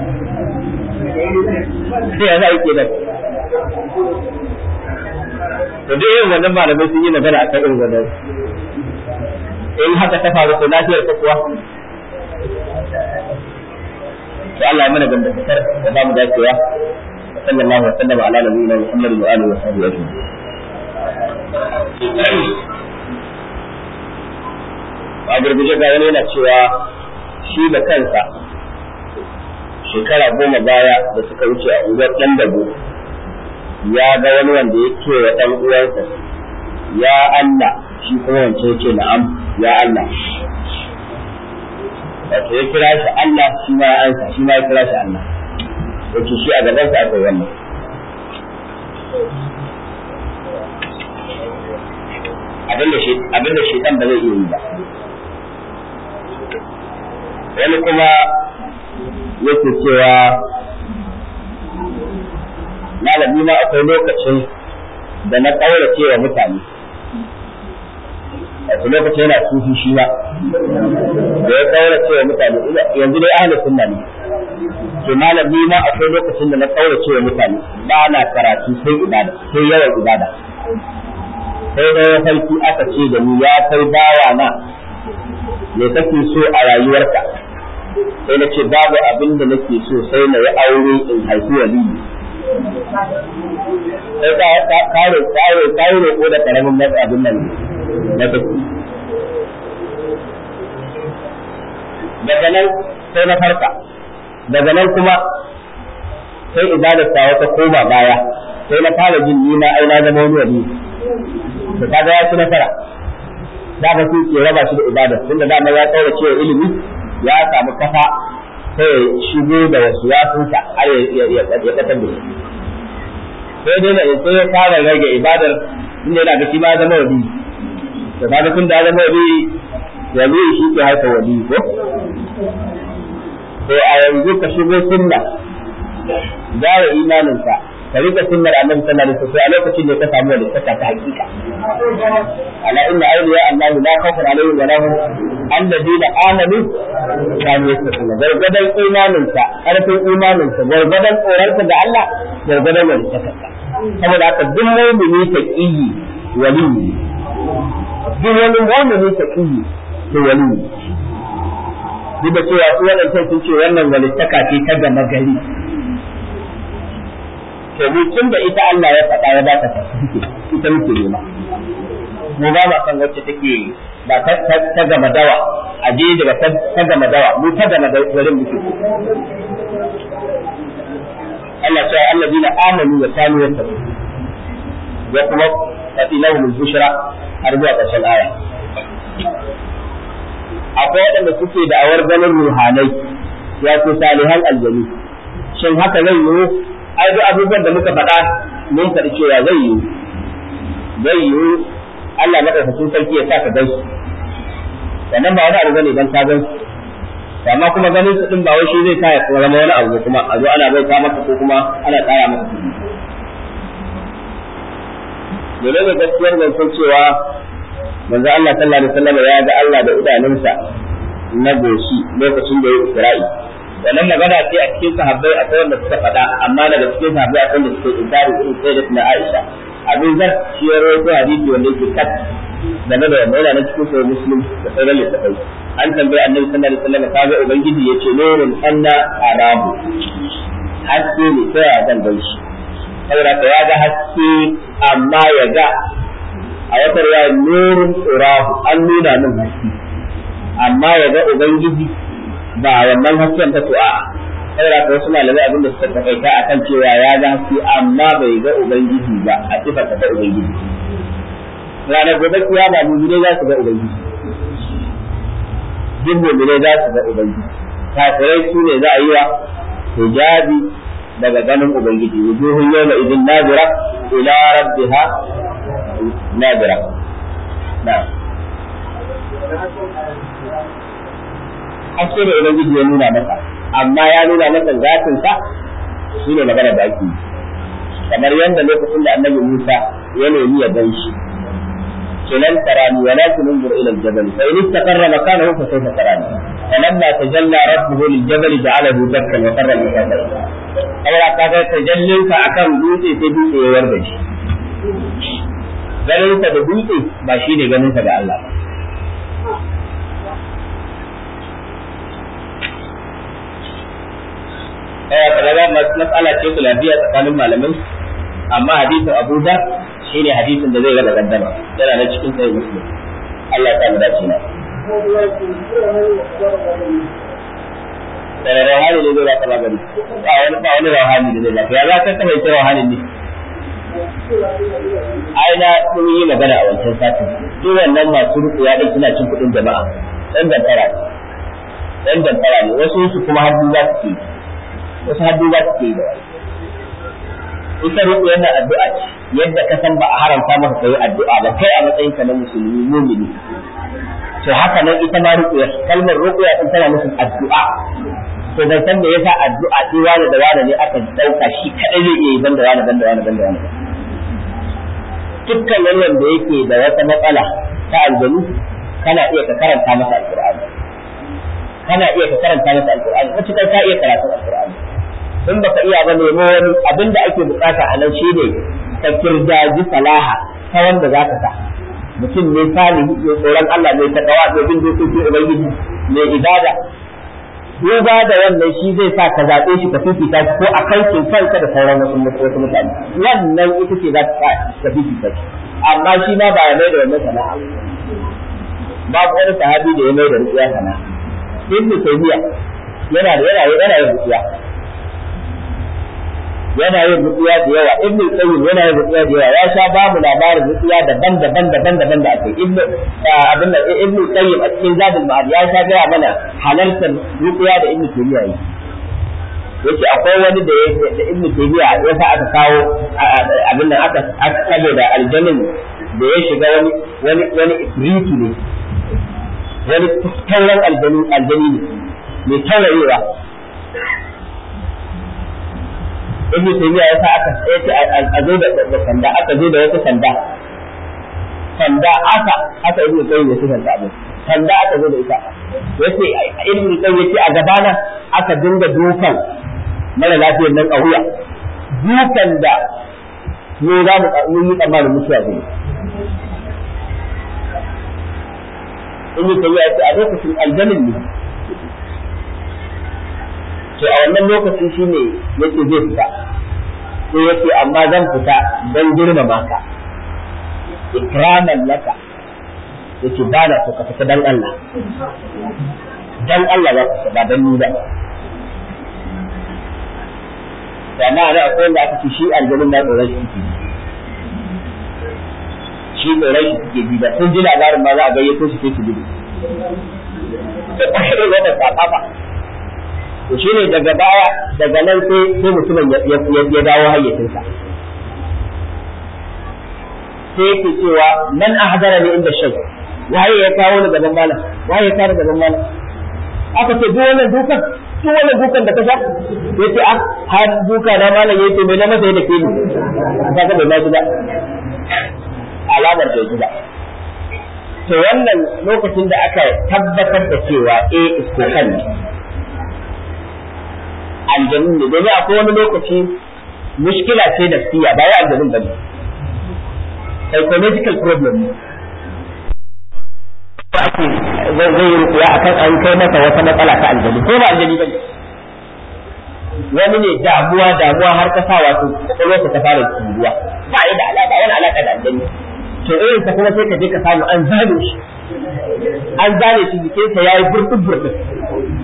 sai ya zai ke da to duk irin wannan malamai sun yi magana akan irin wannan in haka ta faru ko lafiyar ta kuwa to Allah ya mana ta tar da ba mu dacewa sallallahu alaihi wa sallam ala nabiyina muhammadin wa alihi wa sahbihi ajma'in a gurguje ga wani yana cewa shi da kansa shekara goma baya da suka wuce a unguwar ɗan dago ya ga wani wanda ya ce wa ɗan uwansa ya Allah shi kuma wance ya ce na'am ya Allah wato ya kira shi Allah shi ma ya ansa shi ma ya kira shi Allah wato shi a gabansa akwai wannan abinda shi abinda shi ɗan ba zai iya yi ba wani kuma yake cewa malami na akwai lokacin da na ƙaurace wa mutane a lokacin yana sufi shi ba da ya ƙaurace wa mutane yanzu dai ahalin sunna ne to malami na akwai lokacin da na ƙaurace wa mutane ba na karatu sai ibada sai yawan ibada sai dai ya aka ce da ni ya kai bawa na me kake so a rayuwarka sai na ce babu abin da nake so sai na yi aure in haifi waliyu sai ka kare kare kare ko da karamin masu abin nan na tafi daga nan sai na farka daga nan kuma sai ibadar ta wata koma baya sai na fara jin nima ai na zama wani waliyu ta kaga ya nasara da ba sai ya raba shi da ibada tunda ma ya tsaura cewa ilimi ya samu kafa sai shigo da wasu yasunsa har ya kafa da shi sai dai na sai ya fara rage ibadar inda yana da shi ma zama wali da ba da kun da zama ya yi shi ke haifa wadi ko to a yanzu ka shigo sunna da imaninka ka rika sunnar annabi sallallahu alaihi wasallam a lokacin da ka samu da saka ta hakika ala inna awliya allah la khawfun alaihim wa lahum alladheena amanu kanu yattaquna gargadan imanin ka karfin imanin ka gargadan tsoron ka ga Allah gargadan wani saka saboda haka duk mu'mini taqiyi wali duk wani mu'mini taqiyi to wali duk da cewa su wadancan sun ce wannan walittaka ce ta gama gari domin tun da ita Allah ya faɗa ya ba ta ita muke nema mu ba ma san wacce take ba ta gama dawa a je ba ta gama dawa mu ta gama wurin muke Allah ya Allah dina amanu wa kanu yattaqu ya kuma fati lahum al-bushra har zuwa ƙarshen aya akwai waɗanda suke da awar ganin ruhanai ya ku salihan aljami. shin haka zai yi ai duk abubuwan da muka faɗa mun faɗi cewa zai yiwu zai yi Allah madaukakin sarki ya sa ka gaisu sannan ba wani abu bane dan ka gani amma kuma ganin su din ba wai shi zai sa ya zama wani abu kuma a zo ana bai ta maka ko kuma ana tsaya maka dole ne gaskiyar da ta cewa manzo Allah sallallahu alaihi wasallam ya ga Allah da idanunsa na goshi lokacin da ya Isra'i wannan magana ce a cikin sahabbai a wanda suka faɗa amma daga cikin sahabbai akwai wanda suke inkari irin sai da na Aisha abin zan shi ya rawaito hadisi wanda yake kat na da wannan yana cikin sahabbai muslim da sauran littafai an tambaye annabi sallallahu alaihi wasallam kaga ubangiji ce nurun anna arabu haske ne sai ya zan bai shi saboda ka ya ga haske amma ya ga a wata riwaya nurun urahu an nuna min haske amma ya ga ubangiji ba wannan hasken ta tu'a saboda ka wasu malamai abin da suka takaita akan cewa ya ga haske amma bai ga ubangiji ba a sifar ta ubangiji ranar gobe ba mu mumine za su ga ubangiji duk ne za su ga ubangiji kafirai su ne za a yi wa hijabi daga ganin ubangiji wujuhun yawma idin nazira ila rabbiha nazira na haske da ubangiji ya nuna masa amma ya nuna masa zatin sa shine magana da ake kamar yadda lokacin da annabi Musa ya nemi ya gan shi kenan tarani wa lakin unzur ila al-jabal fa in istaqarra makanahu fa sawfa tarani falamma tajalla rabbuhu lil-jabal ja'alahu dakkan wa qarra al-jabal Allah ta ga tajallinka akan dutse sai dutse ya warda shi ganin da dutse ba shine ganin sa da Allah ba Eh, kaga matsala ce ku lafiya tsakanin malamai amma hadisin Abu Dhar shine hadisin da zai ga gaddama yana da cikin sai muslim Allah ya mu dace na da eh, rahani ne zai ba kama gari ba wani ba wani rahani ne zai ba ya za ka taba ita rahani ne ai na sun yi magana a wancan satin duk wannan masu rukuya din suna cin kuɗin jama'a dan damfara dan damfara ne wasu su kuma har za su ci wasu ta duba ta yi da wani ita ruku yana addu'a yadda ka san ba a haramta maka kai addu'a ba kai a matsayin ka na musulmi mumini to haka nan ita ma ruku kalmar ruku sun tana nufin addu'a to dan san da yasa addu'a sai wani da wani ne aka dauka shi kadai zai iya yi banda wani banda wani banda wani dukkan wannan da yake da wata matsala ta aljanu kana iya ka karanta masa alqur'ani kana iya ka karanta masa alqur'ani kuma cikin ka iya karatu alqur'ani in ka iya ba nemo wani abin da ake bukata a nan shine ka kirjaji salaha ta wanda za ka sa mutum ne salihu ne tsoron Allah ne ta dawa ne bin dokokin ubangiji ne ibada duba da wannan shi zai sa ka zaɓe shi ka fifita ko a kankin kanka da sauran wasu mutane wannan ita ce za ta ka fifita shi amma shi ma ba ya mai da wannan sana'a babu wani sahabi da ya mai da rukiya sana'a ibnu taymiya yana da yana yana yin rukiya yana yin rukiya da yawa ibnu qayyim yana yin rukiya da yawa ya sha ba mu labarin rukiya daban daban daban daban da ake ibnu abin da ibnu qayyim a cikin zadul ma'ad ya sha ga mana halartar rukiya da ibnu taymiya yi yace akwai wani da da ibnu taymiya ya sa aka kawo abin nan aka aka da aljannin da ya shiga wani wani wani ifriti ne wani tauran aljani ne mai taurayewa ibnu taymiya ya sa aka yace a zo da sanda aka zo da wata sanda sanda aka aka ibnu taymiya ya sifanta abin sanda aka zo da ita yace ibnu taymiya yace a gabana aka dinga dukan mara lafiyar nan a wuya dukan da ne za mu yi tsammanin mutuwa zai in yi tayyiya ce a lokacin aljanin ne to a wannan lokacin shi ne yake zai fita sai yake amma zan fita don girmama ka ikraman laka yake ba na so ka fita don Allah don Allah za ka fita ba don nuna ba amma da akwai wanda aka ce shi aljanin na tsoron shi ke shi tsoron shi ke bi ba sun ji labarin ma za a gayyato shi sai su ba. Duk kashe ne wata safafa. to ne daga baya daga nan sai sai mutumin ya dawo hayyacinsa sai ke cewa a hadara ne inda shan waye ya kawo ni gaban malam waye ya kawo gaban malam aka ce duk wannan dukan duk wannan dukan da ka sha ce a ah, har duka na malam ce mai na masa yadda ke ni ka ga bai ma gida alamar da gida to wannan lokacin da aka tabbatar da cewa eh iskokan aljanun ne domin akwai wani lokaci mushkila ce nafsiya ba ya aljanun bane psychological problem ne zai zai rukuya akan an kai masa wata matsala ta aljanu ko ba aljani bane wani ne damuwa damuwa har ka sa wato kwakwalwarsa ta fara ruwa ba yi da alaka wani alaka da aljani to irin sa kuma sai ka je ka samu an zane shi an zane shi jikin sa yayi burtub burtub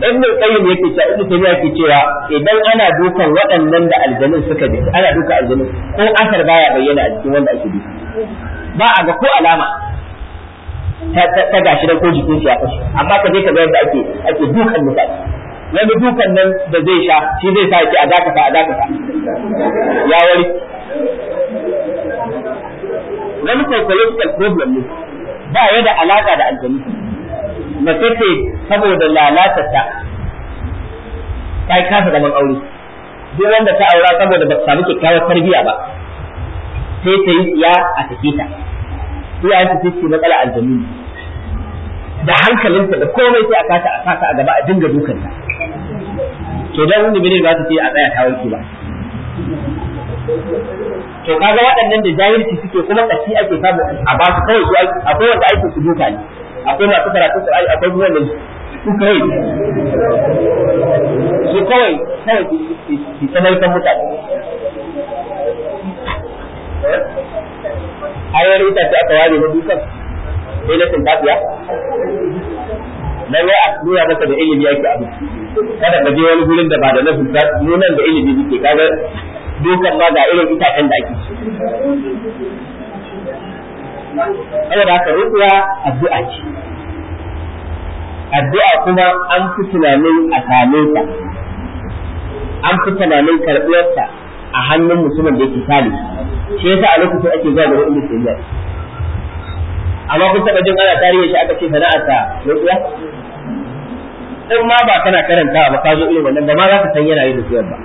in mai ne yake cewa ibnu sai yake cewa idan ana dukan waɗannan da aljanun suka bi ana duka aljanun ko asar baya bayyana a cikin wanda ake duka ba a ga ko alama ta gashi ko jikin shi ya fashe amma ka je ka ga yadda ake ake dukan mutane wani dukan nan da zai sha shi zai sa ki a dakata a dakata ya wari wani psychological problem ne ba ya da alaka da aljanu mace ce saboda lalata ta yi kasa zaman aure duk wanda ta aura saboda ba ta samu kyakkyawar tarbiyya ba sai ta yi ya a take ta ya ta ce matsala aljanu da hankalinta da komai sai a kasa a kasa a gaba a dinga dukanta to dan wanda bane za ta ce a tsaya ta wanki ba to kaga waɗannan da jahilci suke kuma kaci ake samu a ba su kawai su akwai wanda ake su duka ne akwai masu karatu su ai akwai wanda su kawai su kawai kawai su sanarkan mutane ayar ita ce aka ware na dukan sai na tuntafiya dan ya nuna maka da ilimi yake abu kada ka je wani gurin da ba da nasu nunan da ilimi yake kaga dokar ba ga irin itacen da ake ci saboda haka rukuya addu'a ce addu'a kuma an fi tunanin a same ta an fi tunanin karɓuwarta a hannun mutumin da yake sali shi yasa a lokacin ake zuwa da rukunin yau. amma kun taɓa jin ana tarihi shi aka ce sana'arsa rukuya in ma ba kana karanta ba ka zo irin wannan ba ma za ka san yana yin rukuya ba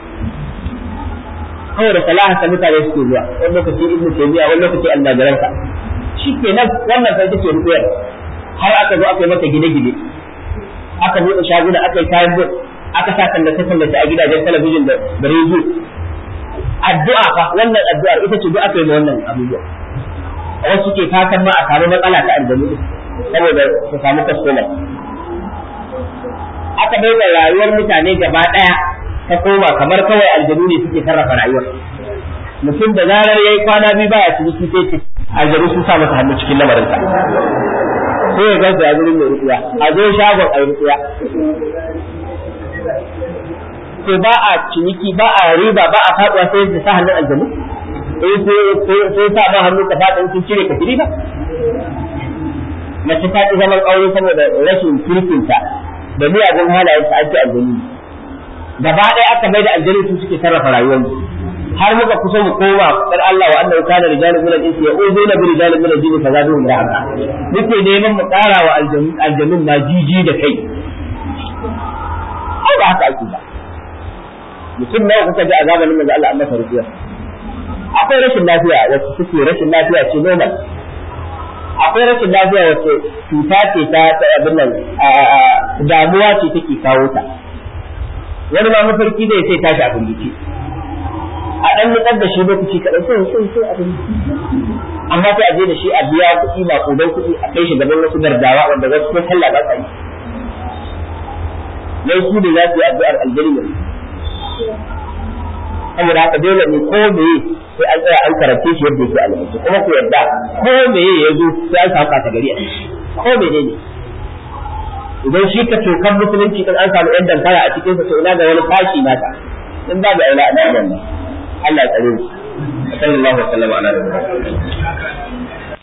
Kawai da salaha ta mutane suke zuwa wani lokaci ibn taymiya wani lokaci annabiransa shikenan wannan sai take rubuya har aka zo aka yi mata gine-gine aka buɗe shaguna aka yi kayan bin aka sa ta tallace a gidajen talabijin da rediyo addu'a fa wannan addu'ar ita ce duk aka yi wannan abubuwa wasu ke fatan ma a samu matsala ta aljanu saboda su samu kaskola aka bai da rayuwar mutane gaba daya ta koma kamar kawai aljanu ne suke sarrafa rayuwar mutum da zarar yayi kwana biyu baya su sun sai aljanu sun sa masa hannu cikin lamarin sa ko ya gaza a gurin mai rukuya a zo shagon a rukuya ko ba a ciniki ba a riba ba a faduwa sai da sa hannun aljanu eh sai sa ba hannu ka faɗa sun cire ka riba mace ta ki zaman aure saboda rashin kirkinta da miyagun halayen ta ake aljanu gaba ɗaya aka mai da aljanu su suke sarrafa rayuwar har muka kusa mu koma fadar Allah wa annahu kana rijalun min al-insi ya'uduna bi rijalin min al-jinni fa min ra'a muke neman mu ƙara wa aljanun ma jiji da kai ai ba haka ake ba mutum nawa kuka ji a zamanin manzo Allah amma farjiya akwai rashin lafiya wacce suke rashin lafiya ce normal akwai rashin lafiya wacce cuta ce ta abin nan damuwa ce take kawo ta wani ma mafarki ya sai tashi a firgici a ɗan nukar da shi lokaci kaɗan sai sai sai abin firgici amma sai a je da shi a biya kuɗi ba kodan kuɗi a kai shi gaban wasu gardawa wanda wasu ko sallah ba ta yi dai su da za su yi addu'ar aljanna saboda haka dole ne ko meye sai an tsaya an karatu shi yadda yake a kuma ku yarda ko meye ya zo sai an samu kasa gari a shi ko meye ne idan shi ka kan musulunci kan an da yadda dankara a cikin sa to ina ga wani fashi naka in ba da aula a nan Allah ya tsare shi sallallahu alaihi wa sallam ala